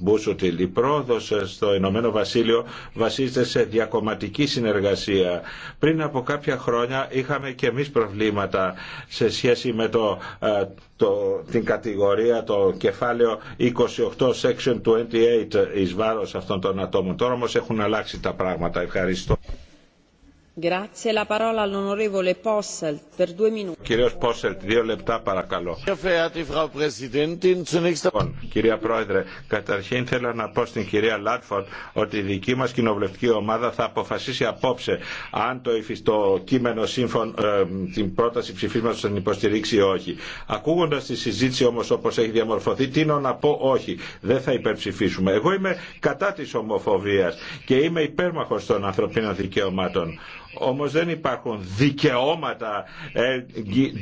Μπούσουτιλ. Η πρόοδο ε, στο Ηνωμένο Βασίλειο βασίζεται σε διακομματική συνεργασία. Πριν από κάποια χρόνια είχαμε και εμείς προβλήματα σε σχέση με το, την κατηγορία, το κεφάλαιο 28 Section 28 εις βάρος αυτών των ατόμων. Τώρα όμως έχουν αλλάξει τα πράγματα. Ευχαριστώ. Κυρία Πρόεδρε, καταρχήν θέλω να πω στην κυρία Λάτφορντ ότι η δική μας κοινοβουλευτική ομάδα θα αποφασίσει απόψε αν το, κείμενο σύμφων, ε, την πρόταση ψηφίσματος θα την υποστηρίξει ή όχι. Ακούγοντας τη συζήτηση όμως όπως έχει διαμορφωθεί, τίνω να πω όχι, δεν θα υπερψηφίσουμε. Εγώ είμαι κατά της ομοφοβίας και είμαι υπέρμαχος των ανθρωπίνων δικαιωμάτων. Όμως δεν υπάρχουν δικαιώματα ε,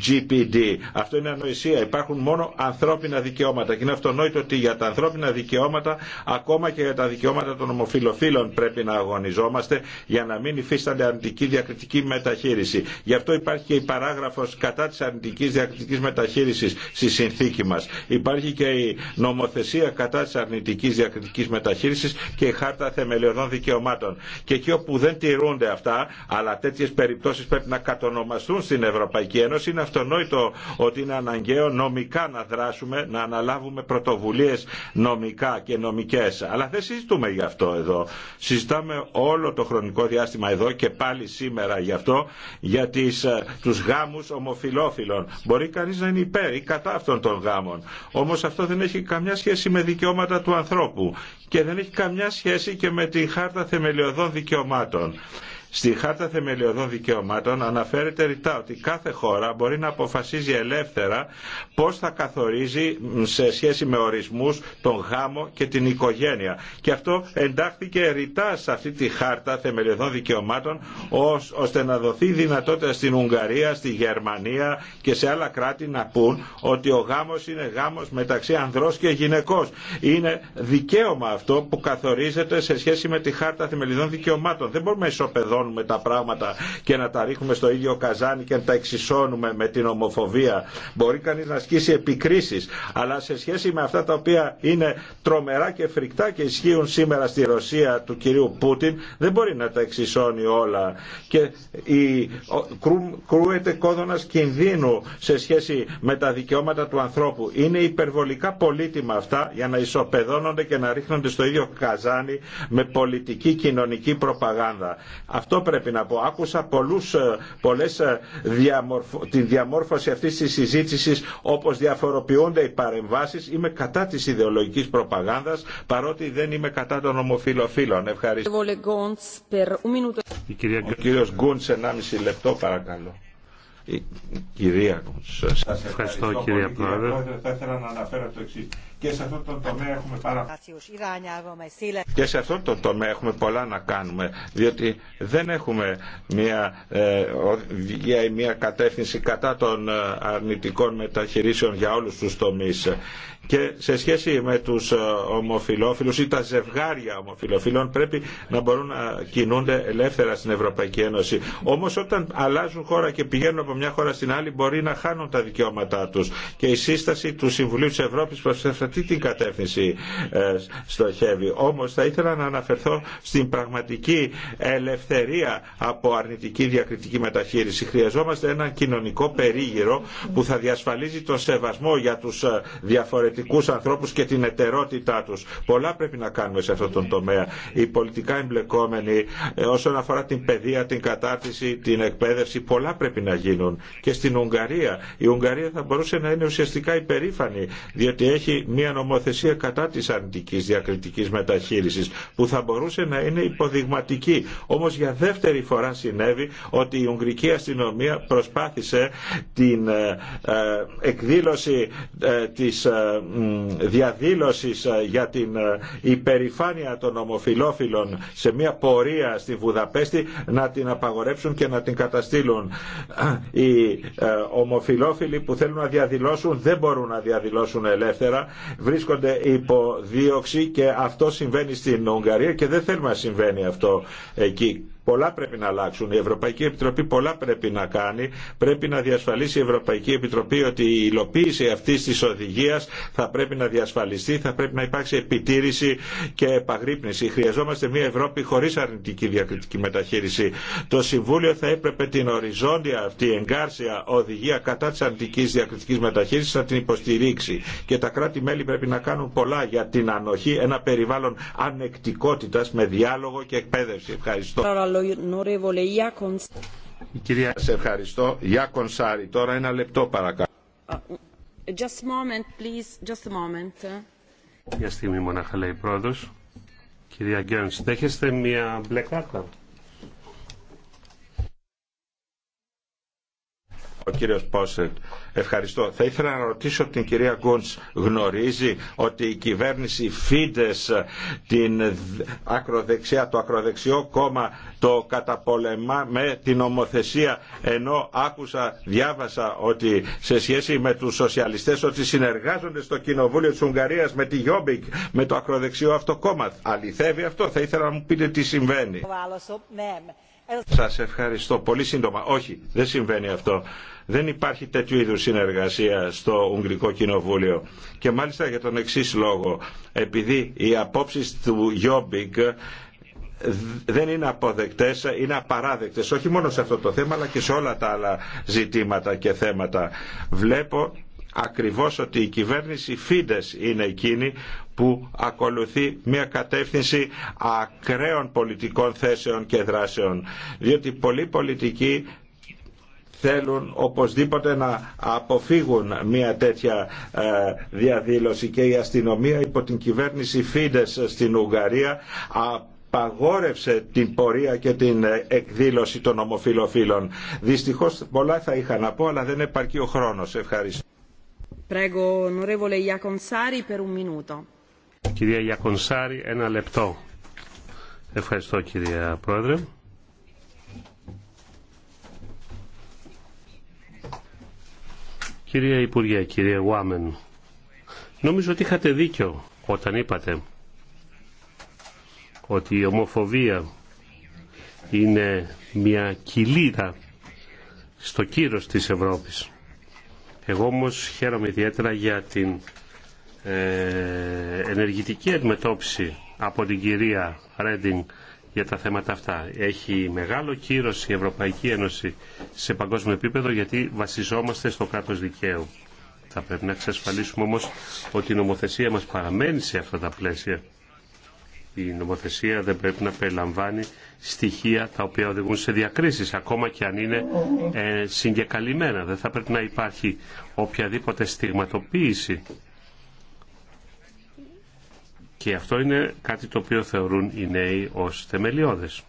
GPD. Αυτό είναι ανοησία. Υπάρχουν μόνο ανθρώπινα δικαιώματα. Και είναι αυτονόητο ότι για τα ανθρώπινα δικαιώματα, ακόμα και για τα δικαιώματα των ομοφιλοφίλων πρέπει να αγωνιζόμαστε για να μην υφίστανται αρνητική διακριτική μεταχείριση. Γι' αυτό υπάρχει και η παράγραφος κατά της αρνητικής διακριτικής μεταχείρισης στη συνθήκη μας. Υπάρχει και η νομοθεσία κατά της αρνητικής διακριτικής μεταχείρισης και η χάρτα θεμελιωδών δικαιωμάτων. Και εκεί όπου δεν τηρούνται αυτά, αλλά τέτοιες περιπτώσεις πρέπει να κατονομαστούν στην Ευρωπαϊκή Ένωση. Είναι αυτονόητο ότι είναι αναγκαίο νομικά να δράσουμε, να αναλάβουμε πρωτοβουλίες νομικά και νομικές. Αλλά δεν συζητούμε γι' αυτό εδώ. Συζητάμε όλο το χρονικό διάστημα εδώ και πάλι σήμερα γι' αυτό για τις, ε, τους γάμους ομοφιλόφιλων. Μπορεί κανείς να είναι υπέρ ή κατά αυτών των γάμων. Όμως αυτό δεν έχει καμιά σχέση με δικαιώματα του ανθρώπου και δεν έχει καμιά σχέση και με τη χάρτα θεμελιωδών δικαιωμάτων. Στη Χάρτα Θεμελιωδών Δικαιωμάτων αναφέρεται ρητά ότι κάθε χώρα μπορεί να αποφασίζει ελεύθερα πώς θα καθορίζει σε σχέση με ορισμούς τον γάμο και την οικογένεια. Και αυτό εντάχθηκε ρητά σε αυτή τη Χάρτα Θεμελιωδών Δικαιωμάτων ώστε να δοθεί δυνατότητα στην Ουγγαρία, στη Γερμανία και σε άλλα κράτη να πούν ότι ο γάμος είναι γάμος μεταξύ ανδρός και γυναικός. Είναι δικαίωμα αυτό που καθορίζεται σε σχέση με τη Χάρτα Θεμελιωδών Δικαιωμάτων. Δεν μπορούμε να με τα πράγματα και να τα ρίχνουμε στο ίδιο καζάνι και να τα εξισώνουμε με την ομοφοβία. Μπορεί κανείς να ασκήσει επικρίσεις, αλλά σε σχέση με αυτά τα οποία είναι τρομερά και φρικτά και ισχύουν σήμερα στη Ρωσία του κυρίου Πούτιν, δεν μπορεί να τα εξισώνει όλα. Και η, κρούεται κόδωνα κινδύνου σε σχέση με τα δικαιώματα του ανθρώπου. Είναι υπερβολικά πολύτιμα αυτά για να ισοπεδώνονται και να ρίχνονται στο ίδιο καζάνι με πολιτική κοινωνική προπαγάνδα. Αυτό πρέπει να πω. Άκουσα πολλούς, ε, πολλές ε, διαμορφω... τη διαμόρφωση αυτής της συζήτησης όπως διαφοροποιούνται οι παρεμβάσεις. Είμαι κατά της ιδεολογικής προπαγάνδας παρότι δεν είμαι κατά των ομοφιλοφίλων. Ευχαριστώ. Ο κύριος Γκούντς, 1,5 λεπτό παρακαλώ. Η κυρία Σας ευχαριστώ, ευχαριστώ κύριε Πρόεδρε. Θα ήθελα να αναφέρω το εξή. Και σε αυτόν τον τομέα έχουμε πάρα... Και σε αυτόν τον τομέα έχουμε πολλά να κάνουμε, διότι δεν έχουμε μια ε, μια κατεύθυνση κατά των ε, αρνητικών μεταχειρήσεων για όλους τους τομείς. Και σε σχέση με τους ε, ομοφιλόφιλους ή τα ζευγάρια ομοφιλοφιλών πρέπει να μπορούν να κινούνται ελεύθερα στην Ευρωπαϊκή Ένωση. Όμως όταν αλλάζουν χώρα και πηγαίνουν από μια χώρα στην άλλη μπορεί να χάνουν τα δικαιώματά τους. Και η σύσταση του Συμβουλίου της Ευρώπης προς αυτή την κατεύθυνση ε, στοχεύει. Όμως θα ήθελα να αναφερθώ στην πραγματική ελευθερία από αρνητική διακριτική μεταχείριση. Χρειαζόμαστε ένα κοινωνικό περίγυρο που θα διασφαλίζει τον σεβασμό για τους ε, διαφορετικούς ανθρώπους και την ετερότητά τους. Πολλά πρέπει να κάνουμε σε αυτόν τον τομέα. Οι πολιτικά εμπλεκόμενοι ε, όσον αφορά την παιδεία, την κατάρτιση, την εκπαίδευση, πολλά πρέπει να γίνουν. Και στην Ουγγαρία. Η Ουγγαρία θα μπορούσε να είναι ουσιαστικά υπερήφανη, διότι έχει μια μια νομοθεσία κατά της αρνητικής διακριτικής μεταχείρισης που θα μπορούσε να είναι υποδειγματική. Όμως για δεύτερη φορά συνέβη ότι η Ουγγρική αστυνομία προσπάθησε την ε, ε, εκδήλωση ε, της διαδήλωσης για την υπερηφάνεια των ομοφιλόφιλων σε μια πορεία στη Βουδαπέστη να την απαγορέψουν και να την καταστήλουν. Οι ομοφιλόφιλοι που θέλουν να διαδηλώσουν δεν μπορούν να διαδηλώσουν ελεύθερα βρίσκονται υπό δίωξη και αυτό συμβαίνει στην Ουγγαρία και δεν θέλουμε να συμβαίνει αυτό εκεί. Πολλά πρέπει να αλλάξουν. Η Ευρωπαϊκή Επιτροπή πολλά πρέπει να κάνει. Πρέπει να διασφαλίσει η Ευρωπαϊκή Επιτροπή ότι η υλοποίηση αυτή τη οδηγία θα πρέπει να διασφαλιστεί, θα πρέπει να υπάρξει επιτήρηση και επαγρύπνηση. Χρειαζόμαστε μια Ευρώπη χωρί αρνητική διακριτική μεταχείριση. Το Συμβούλιο θα έπρεπε την οριζόντια αυτή εγκάρσια οδηγία κατά τη αρνητική διακριτική μεταχείριση να την υποστηρίξει. Και τα κράτη-μέλη πρέπει να κάνουν πολλά για την ανοχή, ένα περιβάλλον ανεκτικότητα με διάλογο και εκπαίδευση. Ευχαριστώ. Η κυρία... Σε ευχαριστώ. Γεια Κονσάρη. Τώρα ένα λεπτό παρακαλώ. Ε, just a moment, please. Just a moment. Για στιγμή μονάχα λέει η πρόεδρος. Κυρία Γκέρνς, δέχεστε μια μπλε κάρτα. Ο κύριος Πόσελτ. Ευχαριστώ. Θα ήθελα να ρωτήσω την κυρία Γκούντς. Γνωρίζει ότι η κυβέρνηση φίντε την ακροδεξιά, το ακροδεξιό κόμμα, το καταπολεμά με την ομοθεσία, ενώ άκουσα, διάβασα ότι σε σχέση με τους σοσιαλιστές ότι συνεργάζονται στο Κοινοβούλιο της Ουγγαρίας με τη Γιόμπικ, με το ακροδεξιό αυτό κόμμα. Αληθεύει αυτό. Θα ήθελα να μου πείτε τι συμβαίνει. Σας ευχαριστώ. Πολύ σύντομα. Όχι, δεν συμβαίνει αυτό. Δεν υπάρχει τέτοιου είδου συνεργασία στο Ουγγρικό Κοινοβούλιο. Και μάλιστα για τον εξή λόγο. Επειδή οι απόψει του Γιόμπιγκ δεν είναι αποδεκτές, είναι απαράδεκτες όχι μόνο σε αυτό το θέμα αλλά και σε όλα τα άλλα ζητήματα και θέματα. Βλέπω ακριβώς ότι η κυβέρνηση Φίντες είναι εκείνη που ακολουθεί μια κατεύθυνση ακραίων πολιτικών θέσεων και δράσεων. Διότι πολλοί πολιτικοί θέλουν οπωσδήποτε να αποφύγουν μια τέτοια ε, διαδήλωση και η αστυνομία υπό την κυβέρνηση Φίντες στην Ουγγαρία απαγόρευσε την πορεία και την ε, εκδήλωση των ομοφιλοφίλων. Δυστυχώς πολλά θα είχα να πω, αλλά δεν επαρκεί ο χρόνος. Ευχαριστώ. onorevole per un minuto. Κυρία Γιακονσάρη, ένα λεπτό. Ευχαριστώ, κυρία Πρόεδρε. Κυρία Υπουργέ, κύριε Γουάμεν, νομίζω ότι είχατε δίκιο όταν είπατε ότι η ομοφοβία είναι μια κοιλίδα στο κύρος της Ευρώπης. Εγώ όμως χαίρομαι ιδιαίτερα για την ε, ενεργητική αντιμετώπιση από την κυρία Ρέντινγκ για τα θέματα αυτά. Έχει μεγάλο κύρος η Ευρωπαϊκή Ένωση σε παγκόσμιο επίπεδο γιατί βασιζόμαστε στο κράτος δικαίου. Θα πρέπει να εξασφαλίσουμε όμως ότι η νομοθεσία μας παραμένει σε αυτά τα πλαίσια. Η νομοθεσία δεν πρέπει να περιλαμβάνει στοιχεία τα οποία οδηγούν σε διακρίσεις, ακόμα και αν είναι ε, συγκεκαλυμμένα. Δεν θα πρέπει να υπάρχει οποιαδήποτε στιγματοποίηση και αυτό είναι κάτι το οποίο θεωρούν οι νέοι ως θεμελιώδες.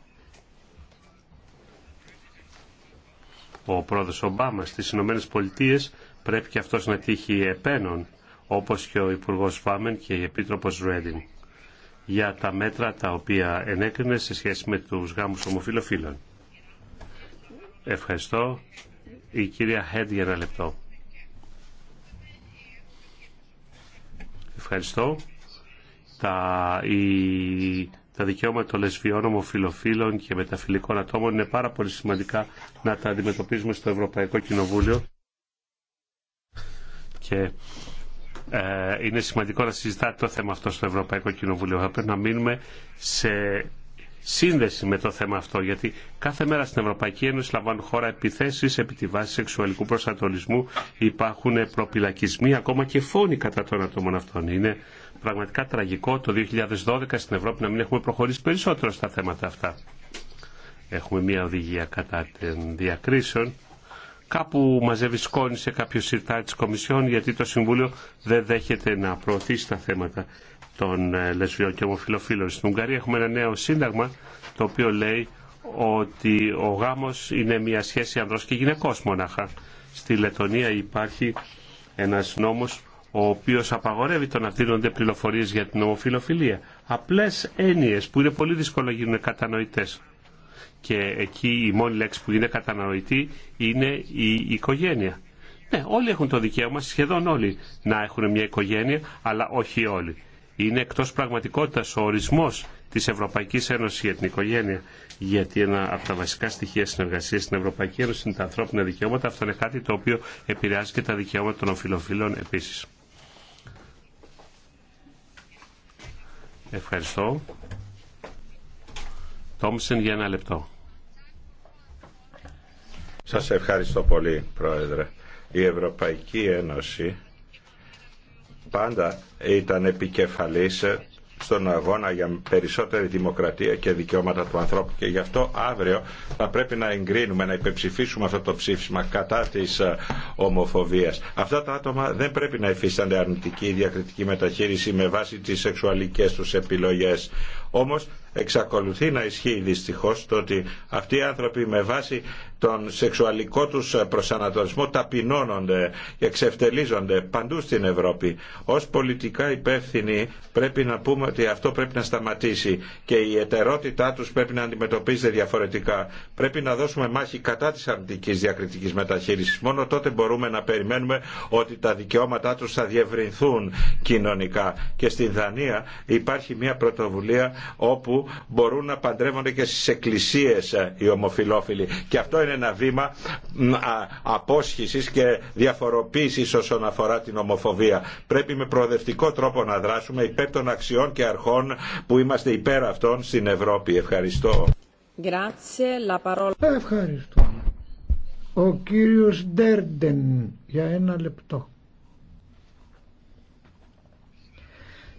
Ο πρόεδρος Ομπάμα στις Ηνωμένε Πολιτείε πρέπει και αυτός να τύχει επένων, όπως και ο Υπουργός Φάμεν και η Επίτροπος Ρέντιν, για τα μέτρα τα οποία ενέκρινε σε σχέση με τους γάμους ομοφιλοφίλων. Ευχαριστώ. Η κυρία Χέντ για ένα λεπτό. Ευχαριστώ τα, η, τα δικαιώματα των λεσβιών, ομοφιλοφίλων και μεταφιλικών ατόμων είναι πάρα πολύ σημαντικά να τα αντιμετωπίζουμε στο Ευρωπαϊκό Κοινοβούλιο και ε, είναι σημαντικό να συζητάτε το θέμα αυτό στο Ευρωπαϊκό Κοινοβούλιο. Θα πρέπει να μείνουμε σε σύνδεση με το θέμα αυτό, γιατί κάθε μέρα στην Ευρωπαϊκή Ένωση λαμβάνουν χώρα επιθέσεις επί τη βάση σεξουαλικού προσανατολισμού, υπάρχουν προπυλακισμοί, ακόμα και φόνοι κατά των ατόμων αυτών. Είναι πραγματικά τραγικό το 2012 στην Ευρώπη να μην έχουμε προχωρήσει περισσότερο στα θέματα αυτά. Έχουμε μια οδηγία κατά των διακρίσεων. Κάπου μαζεύει σκόνη σε κάποιο σιρτάρι τη Κομισιόν γιατί το Συμβούλιο δεν δέχεται να προωθήσει τα θέματα των ε, λεσβιών και ομοφιλοφίλων. Στην Ουγγαρία έχουμε ένα νέο σύνταγμα το οποίο λέει ότι ο γάμος είναι μια σχέση ανδρός και γυναικός μονάχα. Στη Λετωνία υπάρχει ένας νόμος ο οποίος απαγορεύει το να δίνονται πληροφορίες για την ομοφιλοφιλία. Απλές έννοιες που είναι πολύ δύσκολο να γίνουν κατανοητές. Και εκεί η μόνη λέξη που είναι κατανοητή είναι η οικογένεια. Ναι, όλοι έχουν το δικαίωμα, σχεδόν όλοι, να έχουν μια οικογένεια, αλλά όχι όλοι είναι εκτός πραγματικότητας ο ορισμός της Ευρωπαϊκής Ένωσης για την οικογένεια. Γιατί ένα από τα βασικά στοιχεία συνεργασίας στην Ευρωπαϊκή Ένωση είναι τα ανθρώπινα δικαιώματα. Αυτό είναι κάτι το οποίο επηρεάζει και τα δικαιώματα των οφειλοφίλων επίσης. Ευχαριστώ. Τόμσεν για ένα λεπτό. Σας ευχαριστώ πολύ, Πρόεδρε. Η Ευρωπαϊκή Ένωση πάντα ήταν επικεφαλής στον αγώνα για περισσότερη δημοκρατία και δικαιώματα του ανθρώπου και γι' αυτό αύριο θα πρέπει να εγκρίνουμε, να υπεψηφίσουμε αυτό το ψήφισμα κατά της ε, ομοφοβίας. Αυτά τα άτομα δεν πρέπει να υφίστανται αρνητική διακριτική μεταχείριση με βάση τις σεξουαλικές τους επιλογές. Όμως εξακολουθεί να ισχύει δυστυχώς το ότι αυτοί οι άνθρωποι με βάση τον σεξουαλικό τους προσανατολισμό ταπεινώνονται και εξευτελίζονται παντού στην Ευρώπη. Ως πολιτικά υπεύθυνοι πρέπει να πούμε ότι αυτό πρέπει να σταματήσει και η ετερότητά τους πρέπει να αντιμετωπίζεται διαφορετικά. Πρέπει να δώσουμε μάχη κατά της αρνητικής διακριτικής μεταχείρισης. Μόνο τότε μπορούμε να περιμένουμε ότι τα δικαιώματά τους θα διευρυνθούν κοινωνικά. Και στην Δανία υπάρχει μια πρωτοβουλία όπου μπορούν να παντρεύονται και στις εκκλησίες ε, οι ομοφιλόφιλοι. Και αυτό είναι ένα βήμα απόσχησης και διαφοροποίησης όσον αφορά την ομοφοβία. Πρέπει με προοδευτικό τρόπο να δράσουμε υπέρ των αξιών και αρχών που είμαστε υπέρ αυτών στην Ευρώπη. Ευχαριστώ. Ευχαριστώ. Ο κύριος Ντέρντεν για ένα λεπτό.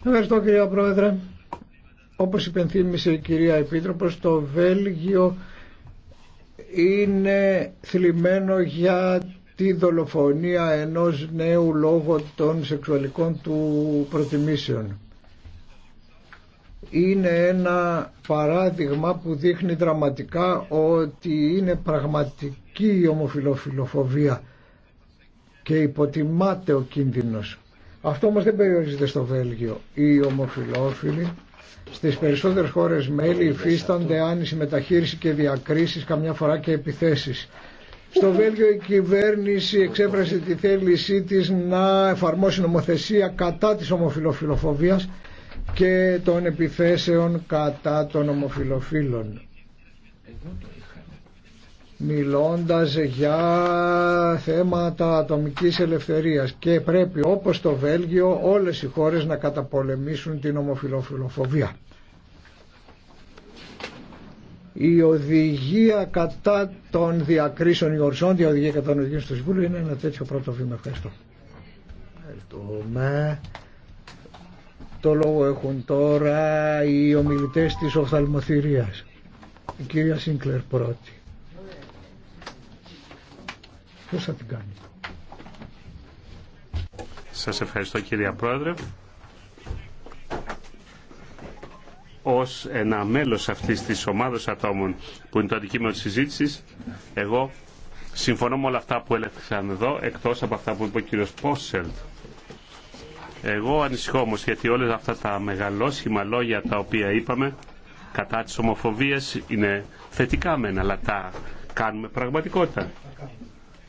Ευχαριστώ κύριε Πρόεδρε. Όπως υπενθύμησε η κυρία Επίτροπος, το Βέλγιο είναι θλιμμένο για τη δολοφονία ενός νέου λόγω των σεξουαλικών του προτιμήσεων. Είναι ένα παράδειγμα που δείχνει δραματικά ότι είναι πραγματική η ομοφιλοφιλοφοβία και υποτιμάται ο κίνδυνος. Αυτό όμως δεν περιορίζεται στο Βέλγιο. Οι ομοφιλόφιλοι στις περισσότερες χώρες μέλη υφίστανται άνηση μεταχείριση και διακρίσει καμιά φορά και επιθέσεις. Στο Βέλγιο η κυβέρνηση εξέφρασε τη θέλησή της να εφαρμόσει νομοθεσία κατά της ομοφιλοφιλοφοβίας και των επιθέσεων κατά των ομοφιλοφίλων μιλώντας για θέματα ατομικής ελευθερίας και πρέπει όπως το Βέλγιο όλες οι χώρες να καταπολεμήσουν την ομοφιλοφιλοφοβία. Η οδηγία κατά των διακρίσεων, η οριζόντια οδηγία κατά των οδηγίων στο Συμβούλιο είναι ένα τέτοιο πρώτο βήμα. Ευχαριστώ. Ευχαριστούμε. Το λόγο έχουν τώρα οι ομιλητές της οφθαλμοθυρίας. Η κυρία Σίνκλερ πρώτη. Πώς θα την κάνει. Σας ευχαριστώ κυρία Πρόεδρε. Ως ένα μέλος αυτής της ομάδος ατόμων που είναι το αντικείμενο της συζήτησης, εγώ συμφωνώ με όλα αυτά που έλεγχαν εδώ, εκτός από αυτά που είπε ο κύριος Πόσελτ. Εγώ ανησυχώ όμως γιατί όλα αυτά τα μεγαλόσχημα λόγια τα οποία είπαμε κατά της ομοφοβίας είναι θετικά μεν, αλλά τα κάνουμε πραγματικότητα.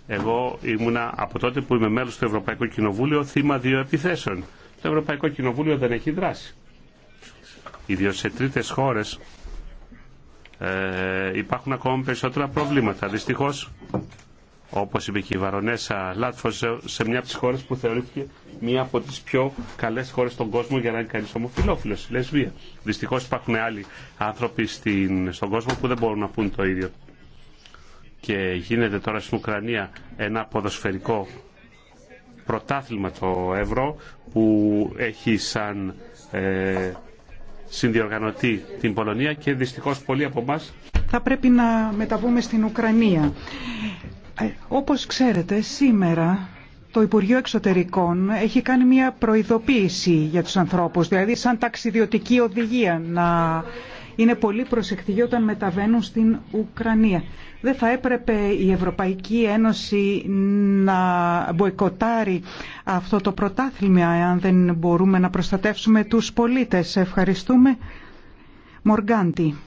Εγώ ήμουνα από τότε που είμαι μέλος του Ευρωπαϊκού Κοινοβούλιο θύμα δύο επιθέσεων. Το Ευρωπαϊκό Κοινοβούλιο δεν έχει δράσει. Ιδίως σε τρίτες χώρες ε, υπάρχουν ακόμα περισσότερα προβλήματα. Δυστυχώς, όπως είπε και η Βαρονέσα Λάτφος, σε μια από τις χώρες που θεωρήθηκε μια από τις πιο καλές χώρες στον κόσμο για να είναι κανείς ομοφιλόφιλος, λεσβία. Δυστυχώς υπάρχουν άλλοι άνθρωποι στην, στον κόσμο που δεν μπορούν να πούν το ίδιο και γίνεται τώρα στην Ουκρανία ένα ποδοσφαιρικό πρωτάθλημα το Ευρώ που έχει σαν ε, συνδιοργανωτή την Πολωνία και δυστυχώς πολλοί από εμά. Θα πρέπει να μεταβούμε στην Ουκρανία. Ε, όπως ξέρετε σήμερα το Υπουργείο Εξωτερικών έχει κάνει μια προειδοποίηση για τους ανθρώπους, δηλαδή σαν ταξιδιωτική οδηγία να είναι πολύ προσεκτικοί όταν μεταβαίνουν στην Ουκρανία. Δεν θα έπρεπε η Ευρωπαϊκή Ένωση να μποϊκοτάρει αυτό το πρωτάθλημα αν δεν μπορούμε να προστατεύσουμε τους πολίτες. Ευχαριστούμε. Μοργάντη.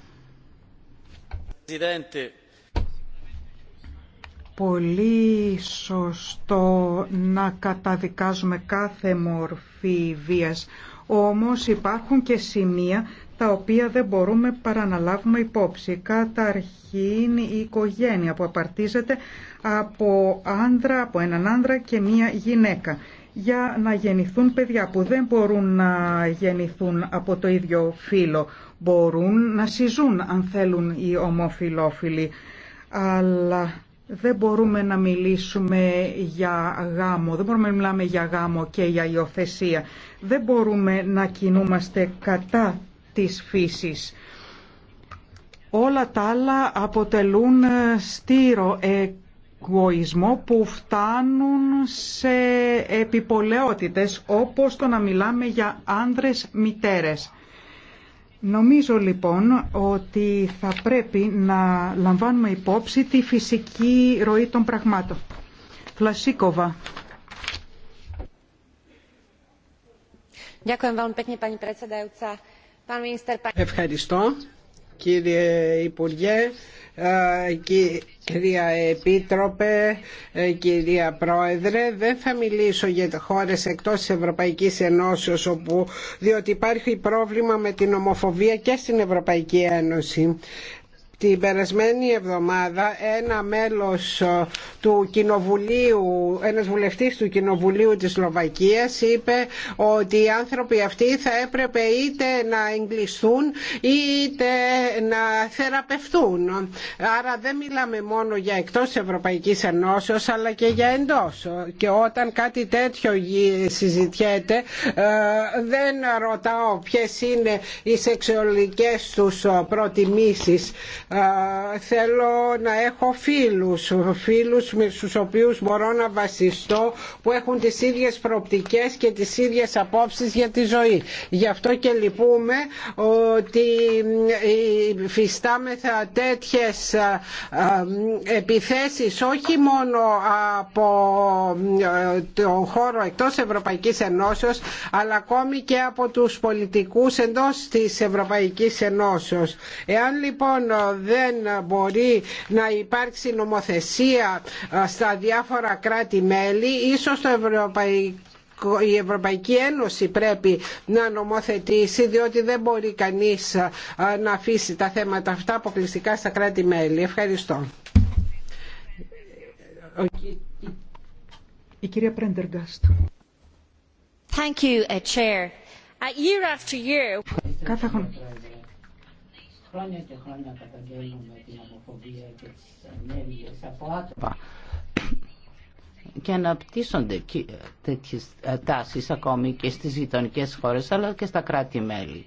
Πολύ σωστό να καταδικάζουμε κάθε μορφή βίας. Όμως υπάρχουν και σημεία τα οποία δεν μπορούμε παρά να λάβουμε υπόψη. Καταρχήν η οικογένεια που απαρτίζεται από, άντρα από έναν άντρα και μία γυναίκα για να γεννηθούν παιδιά που δεν μπορούν να γεννηθούν από το ίδιο φύλλο. Μπορούν να συζούν αν θέλουν οι ομοφιλόφιλοι, αλλά δεν μπορούμε να μιλήσουμε για γάμο, δεν μπορούμε να μιλάμε για γάμο και για υιοθεσία. Δεν μπορούμε να κινούμαστε κατά φύσης. Όλα τα άλλα αποτελούν στήρο εγωισμό που φτάνουν σε επιπολαιότητες όπως το να μιλάμε για άνδρες μητέρες. Νομίζω λοιπόν ότι θα πρέπει να λαμβάνουμε υπόψη τη φυσική ροή των πραγμάτων. Φλασίκοβα. Ευχαριστώ πολύ, κύριε Ευχαριστώ κύριε Υπουργέ, ε, κυρία Επίτροπε, ε, κυρία Πρόεδρε. Δεν θα μιλήσω για χώρες εκτός της Ευρωπαϊκής Ενώσεως, όπου, διότι υπάρχει πρόβλημα με την ομοφοβία και στην Ευρωπαϊκή Ένωση την περασμένη εβδομάδα ένα μέλος ε, του Κοινοβουλίου, ένας βουλευτής του Κοινοβουλίου της Σλοβακίας είπε ότι οι άνθρωποι αυτοί θα έπρεπε είτε να εγκλειστούν είτε να θεραπευτούν. Άρα δεν μιλάμε μόνο για εκτός Ευρωπαϊκής Ενώσεως αλλά και για εντός. Και όταν κάτι τέτοιο συζητιέται ε, δεν ρωτάω ποιες είναι οι σεξουαλικές τους ε, προτιμήσεις θέλω να έχω φίλους, φίλους με τους οποίους μπορώ να βασιστώ που έχουν τις ίδιες προοπτικές και τις ίδιες απόψεις για τη ζωή. Γι' αυτό και λυπούμε ότι ε, φυστάμεθα τέτοιες ε, ε, επιθέσεις όχι μόνο από τον χώρο εκτός Ευρωπαϊκής Ενώσεως αλλά ακόμη και από τους πολιτικούς εντός της Ευρωπαϊκής Ενώσεως. Εάν λοιπόν δεν μπορεί να υπάρξει νομοθεσία στα διάφορα κράτη-μέλη, ίσως το Ευρωπαϊκό η Ευρωπαϊκή Ένωση πρέπει να νομοθετήσει διότι δεν μπορεί κανείς να αφήσει τα θέματα αυτά αποκλειστικά στα κράτη-μέλη. Ευχαριστώ. Η κυρία Πρέντεργκαστ. Thank you, uh, uh, χρόνια και χρόνια καταγγέλνουμε την αποφοβία και τις ενέργειες από άτομα και αναπτύσσονται ε, τέτοιες ε, τάσεις ακόμη και στις γειτονικέ χώρες αλλά και στα κράτη-μέλη.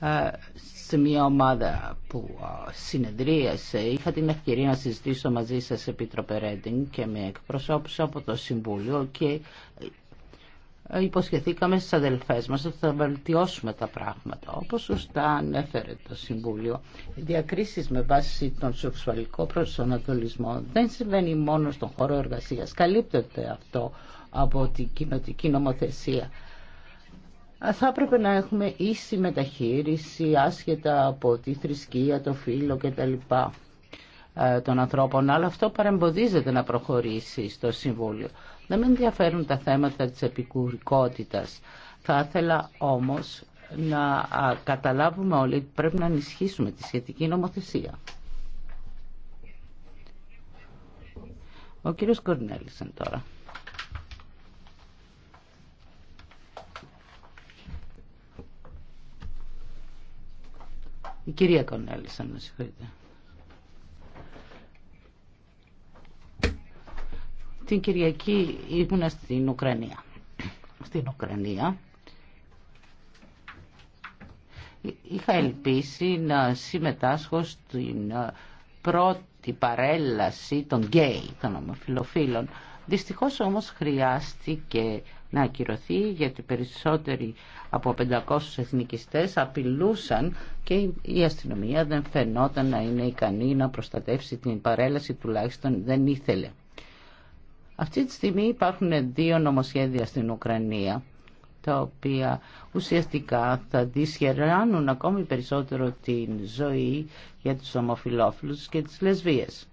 Ε, σε μια ομάδα που συνεδρίασε είχα την ευκαιρία να συζητήσω μαζί σας Επίτροπε Ρέντινγκ και με εκπροσώπους από το Συμβούλιο και ε, υποσχεθήκαμε στις αδελφές μας ότι θα βελτιώσουμε τα πράγματα. Όπως σωστά ανέφερε το Συμβούλιο, οι διακρίσεις με βάση τον σεξουαλικό προσανατολισμό δεν συμβαίνει μόνο στον χώρο εργασίας. Καλύπτεται αυτό από την κοινωτική νομοθεσία. Ε, θα έπρεπε να έχουμε ίση μεταχείριση άσχετα από τη θρησκεία, το φύλλο κτλ ε, των ανθρώπων, αλλά αυτό παρεμποδίζεται να προχωρήσει στο Συμβούλιο. Δεν με ενδιαφέρουν τα θέματα της επικουρικότητας. Θα ήθελα όμως να καταλάβουμε όλοι ότι πρέπει να ενισχύσουμε τη σχετική νομοθεσία. Ο κύριος Κορνέλησεν τώρα. Η κυρία Κορνέλησεν, με συγχωρείτε. Την Κυριακή ήμουνα στην Ουκρανία. Στην Ουκρανία είχα ελπίσει να συμμετάσχω στην ε, πρώτη παρέλαση των γκέι, των ομοφιλοφίλων. Δυστυχώς όμως χρειάστηκε να ακυρωθεί γιατί περισσότεροι από 500 εθνικιστές απειλούσαν και η αστυνομία δεν φαινόταν να είναι ικανή να προστατεύσει την παρέλαση τουλάχιστον δεν ήθελε. Αυτή τη στιγμή υπάρχουν δύο νομοσχέδια στην Ουκρανία τα οποία ουσιαστικά θα δυσχεράνουν ακόμη περισσότερο την ζωή για τους ομοφιλόφιλους και τις λεσβίες.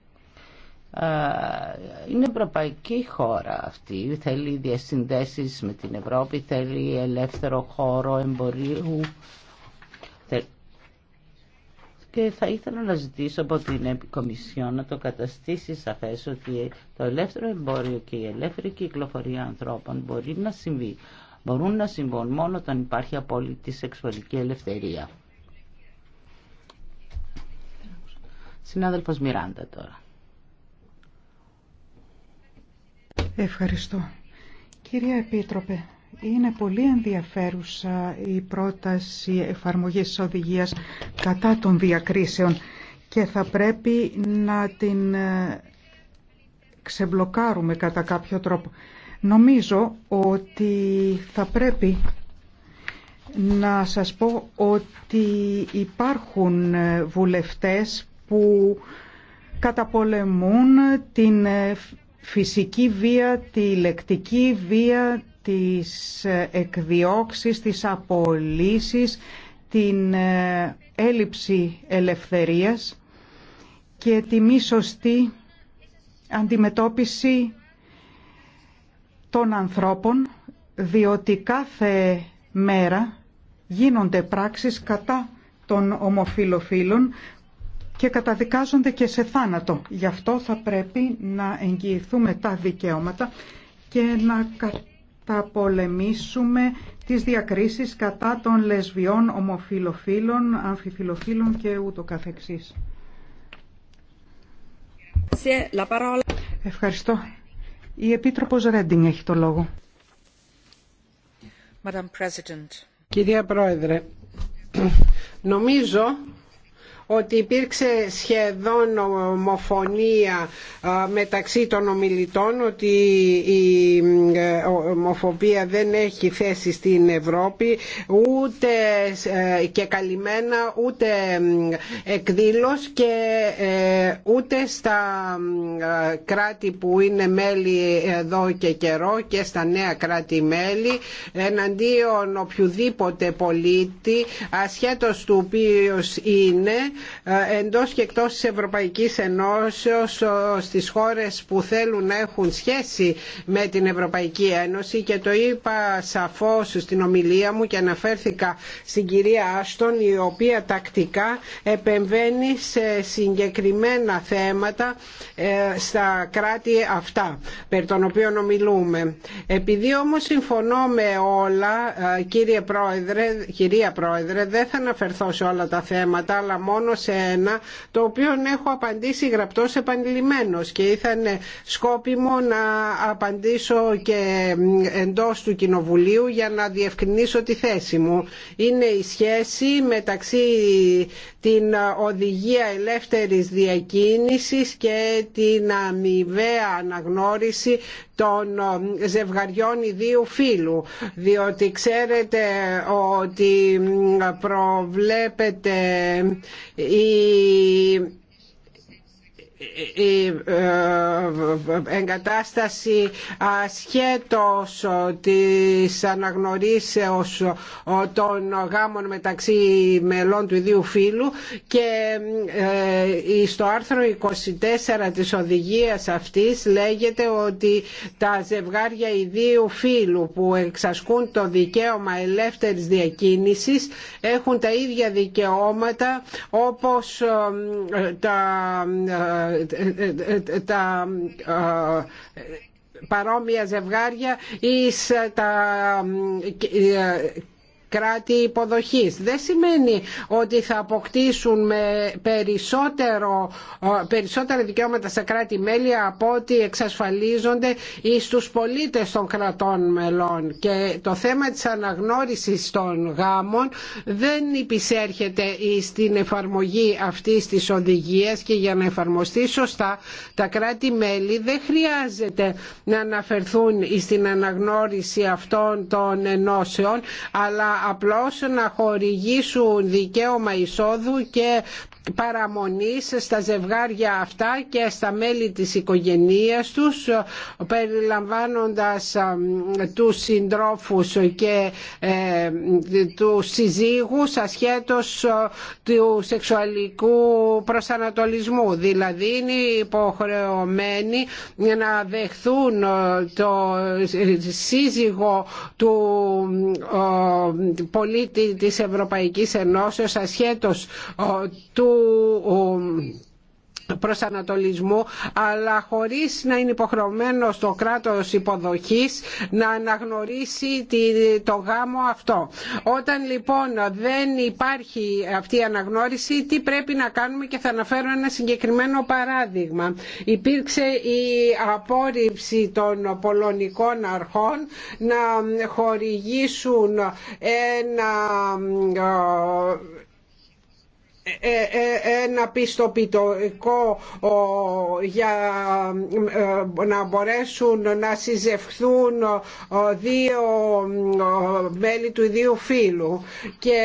Είναι ευρωπαϊκή χώρα αυτή, θέλει διασυνδέσεις με την Ευρώπη, θέλει ελεύθερο χώρο εμπορίου και θα ήθελα να ζητήσω από την Επικομισιό να το καταστήσει σαφές ότι το ελεύθερο εμπόριο και η ελεύθερη κυκλοφορία ανθρώπων μπορεί να συμβεί. Μπορούν να συμβούν μόνο όταν υπάρχει απόλυτη σεξουαλική ελευθερία. Συνάδελφος Μιράντα τώρα. Ευχαριστώ. Κυρία Επίτροπε, είναι πολύ ενδιαφέρουσα η πρόταση εφαρμογής της οδηγίας κατά των διακρίσεων και θα πρέπει να την ε, ξεμπλοκάρουμε κατά κάποιο τρόπο. Νομίζω ότι θα πρέπει να σας πω ότι υπάρχουν ε, βουλευτές που καταπολεμούν την ε, φυσική βία, τη λεκτική βία, τις ε, εκδιώξεις, τις απολύσεις, την ε, έλλειψη ελευθερίας και τη μη σωστή αντιμετώπιση των ανθρώπων, διότι κάθε μέρα γίνονται πράξεις κατά των ομοφιλοφίλων και καταδικάζονται και σε θάνατο. Γι' αυτό θα πρέπει να εγγυηθούμε τα δικαιώματα και να θα πολεμήσουμε τις διακρίσεις κατά των λεσβιών, ομοφιλοφίλων, αμφιφιλοφίλων και ούτω καθεξής. Ευχαριστώ. Η Επίτροπος Ρέντινγκ έχει το λόγο. Κυρία Πρόεδρε, νομίζω ότι υπήρξε σχεδόν ομοφωνία μεταξύ των ομιλητών ότι η ε, ομοφοβία δεν έχει θέση στην Ευρώπη ούτε ε, και καλυμμένα ούτε εκδήλως και ε, ούτε στα κράτη που είναι μέλη εδώ και καιρό και στα νέα κράτη-μέλη εναντίον οποιοδήποτε πολίτη ασχέτως του οποίου είναι ε, εντός και εκτός της Ευρωπαϊκής Ενώσεως στις χώρες που θέλουν να έχουν σχέση με την Ευρωπαϊκή Ένωση και το είπα σαφώς στην ομιλία μου και αναφέρθηκα στην κυρία Άστον η οποία τακτικά επεμβαίνει σε συγκεκριμένα θέματα ε, στα κράτη αυτά περί των οποίων ομιλούμε. Επειδή όμως συμφωνώ με όλα ε, κύριε Πρόεδρε, κυρία Πρόεδρε δεν θα αναφερθώ σε όλα τα θέματα αλλά μόνο μόνο σε ένα το οποίο έχω απαντήσει γραπτός επανειλημμένος και ήταν σκόπιμο να απαντήσω και εντός του Κοινοβουλίου για να διευκρινίσω τη θέση μου. Είναι η σχέση μεταξύ την οδηγία ελεύθερης διακίνησης και την αμοιβαία αναγνώριση των ζευγαριών ιδίου φίλου, διότι ξέρετε ότι προβλέπεται η ε, εγκατάσταση ασχέτως της αναγνωρίσεως των γάμων μεταξύ μελών του ιδίου φύλου και ε, στο άρθρο 24 της οδηγίας αυτής λέγεται ότι τα ζευγάρια ιδίου φύλου που εξασκούν το δικαίωμα ελεύθερης διακίνησης έχουν τα ίδια δικαιώματα όπως ε, τα τα ε, παρόμοια ζευγάρια ή τα ε, κράτη υποδοχής. Δεν σημαίνει ότι θα αποκτήσουν με περισσότερο, ε, περισσότερα δικαιώματα στα κράτη-μέλη από ό,τι εξασφαλίζονται τους πολίτες των κρατών μελών. Και το θέμα της αναγνώρισης των γάμων δεν υπησέρχεται στην εφαρμογή αυτής της οδηγίας και για να εφαρμοστεί σωστά τα κράτη-μέλη δεν χρειάζεται να αναφερθούν στην αναγνώριση αυτών των ενώσεων αλλά απλώς να χορηγήσουν δικαίωμα εισόδου και παραμονής στα ζευγάρια αυτά και στα μέλη της οικογενείας τους περιλαμβάνοντας τους συντρόφους και ε, του συζύγους ασχέτως του σεξουαλικού προσανατολισμού δηλαδή είναι υποχρεωμένοι να δεχθούν το σύζυγο του πολίτη της Ευρωπαϊκής Ενώσεως ασχέτως του προσανατολισμού αλλά χωρίς να είναι υποχρεωμένο στο κράτος υποδοχής να αναγνωρίσει το γάμο αυτό. Όταν λοιπόν δεν υπάρχει αυτή η αναγνώριση τι πρέπει να κάνουμε και θα αναφέρω ένα συγκεκριμένο παράδειγμα. Υπήρξε η απόρριψη των πολωνικών αρχών να χορηγήσουν ένα ε, ε, ε, ένα πιστοποιητικό για να μπορέσουν να συζευχθούν δύο μέλη του ιδίου φίλου και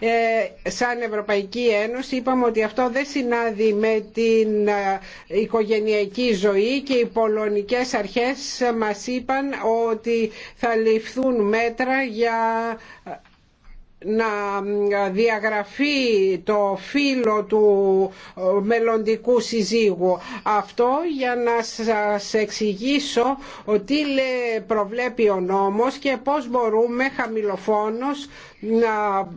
ε, σαν Ευρωπαϊκή Ένωση είπαμε ότι αυτό δεν συνάδει με την οικογενειακή ζωή και οι πολωνικές αρχές μας είπαν ότι θα ληφθούν μέτρα για να διαγραφεί το φίλο του ε, μελλοντικού συζύγου. Αυτό για να σας εξηγήσω τι προβλέπει ο νόμος και πώς μπορούμε χαμηλοφόνος να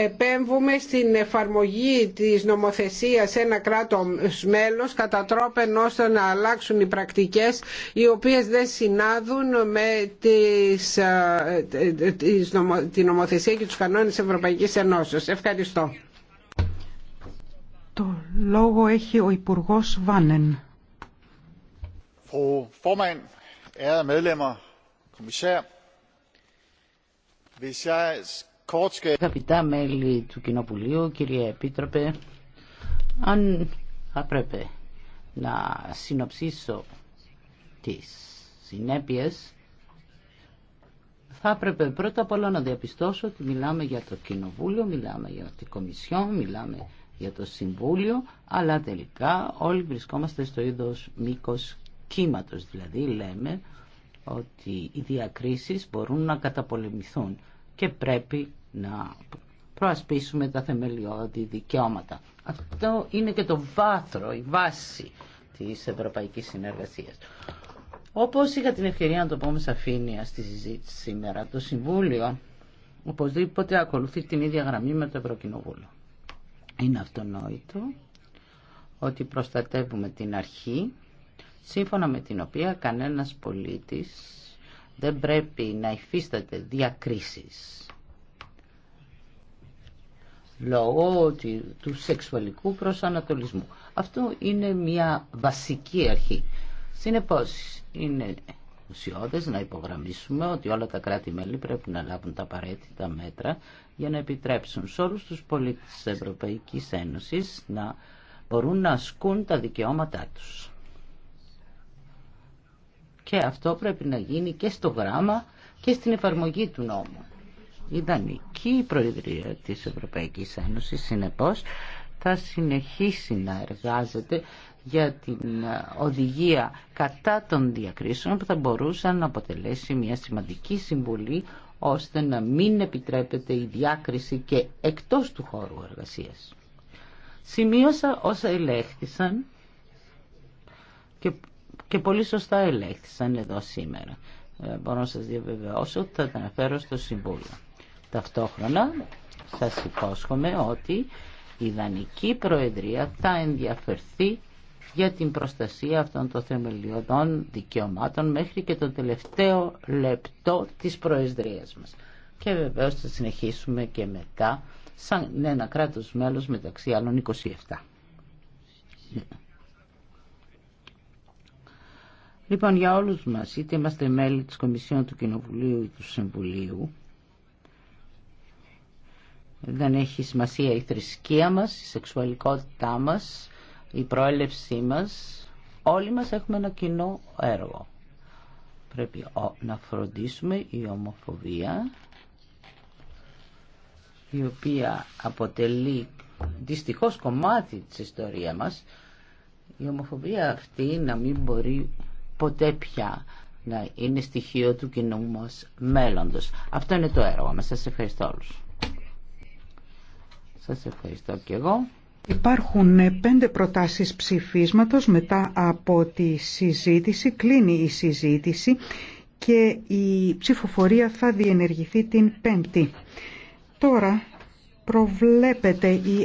ε, επέμβουμε στην εφαρμογή της νομοθεσίας σε ένα κράτος μέλος κατά τρόπεν ώστε να αλλάξουν οι πρακτικές οι οποίες δεν συνάδουν με τις, ε, τη νομοθεσία και τους κανόνες κρατών της Ευρωπαϊκής Ενώσεως. Ευχαριστώ. Το λόγο έχει ο Υπουργός Βάνεν. Καπιτά Αγαπητά μέλη του Κοινοβουλίου, κύριε Επίτροπε, αν θα πρέπει να συνοψίσω τις συνέπειες θα έπρεπε πρώτα απ' όλα να διαπιστώσω ότι μιλάμε για το Κοινοβούλιο, μιλάμε για την Κομισιόν, μιλάμε για το Συμβούλιο, αλλά τελικά όλοι βρισκόμαστε στο είδο μήκο κύματο. Δηλαδή λέμε ότι οι διακρίσει μπορούν να καταπολεμηθούν και πρέπει να προασπίσουμε τα θεμελιώδη δικαιώματα. Αυτό είναι και το βάθρο, η βάση της ευρωπαϊκής συνεργασίας. Όπως είχα την ευκαιρία να το πω με σαφήνεια στη συζήτηση σήμερα, το Συμβούλιο οπωσδήποτε ακολουθεί την ίδια γραμμή με το Ευρωκοινοβούλιο. Είναι αυτονόητο ότι προστατεύουμε την αρχή σύμφωνα με την οποία κανένας πολίτης δεν πρέπει να υφίσταται διακρίσεις λόγω του σεξουαλικού προσανατολισμού. Αυτό είναι μια βασική αρχή. Συνεπώς, είναι ουσιώδες να υπογραμμίσουμε ότι όλα τα κράτη-μέλη πρέπει να λάβουν τα απαραίτητα μέτρα για να επιτρέψουν σε όλους τους πολίτες της Ευρωπαϊκής Ένωσης να μπορούν να ασκούν τα δικαιώματά τους. Και αυτό πρέπει να γίνει και στο γράμμα και στην εφαρμογή του νόμου. Η Δανική Προεδρία της Ευρωπαϊκής Ένωσης, συνεπώς, θα συνεχίσει να εργάζεται για την ε, οδηγία κατά των διακρίσεων που θα μπορούσαν να αποτελέσει μια σημαντική συμβολή ώστε να μην επιτρέπεται η διάκριση και εκτός του χώρου εργασίας. Σημείωσα όσα ελέγχθησαν και, και πολύ σωστά ελέγχθησαν εδώ σήμερα. Ε, μπορώ να σας διαβεβαιώσω ότι θα τα αναφέρω στο Συμβούλιο. Ταυτόχρονα σας υπόσχομαι ότι η Δανική Προεδρία θα ενδιαφερθεί για την προστασία αυτών των θεμελιωδών δικαιωμάτων μέχρι και το τελευταίο λεπτό της προεσδρίας μας. Και βεβαίως θα συνεχίσουμε και μετά σαν ένα κράτος μέλος μεταξύ άλλων 27. Λοιπόν, για όλους μας, είτε είμαστε μέλη της Κομισιόν του Κοινοβουλίου ή του Συμβουλίου, δεν έχει σημασία η θρησκεία μας, η σεξουαλικότητά μας, η προέλευσή μας, όλοι μας έχουμε ένα κοινό έργο. Πρέπει να φροντίσουμε η ομοφοβία, η οποία αποτελεί δυστυχώς κομμάτι της ιστορία μας, η ομοφοβία αυτή να μην μπορεί ποτέ πια να είναι στοιχείο του κοινού μας μέλλοντος. Αυτό είναι το έργο μας. Σας ευχαριστώ όλους. Σας ευχαριστώ και εγώ. Υπάρχουν ε, πέντε προτάσεις ψηφίσματος μετά από τη συζήτηση. Κλείνει η συζήτηση και η ψηφοφορία θα διενεργηθεί την πέμπτη. Τώρα προβλέπεται η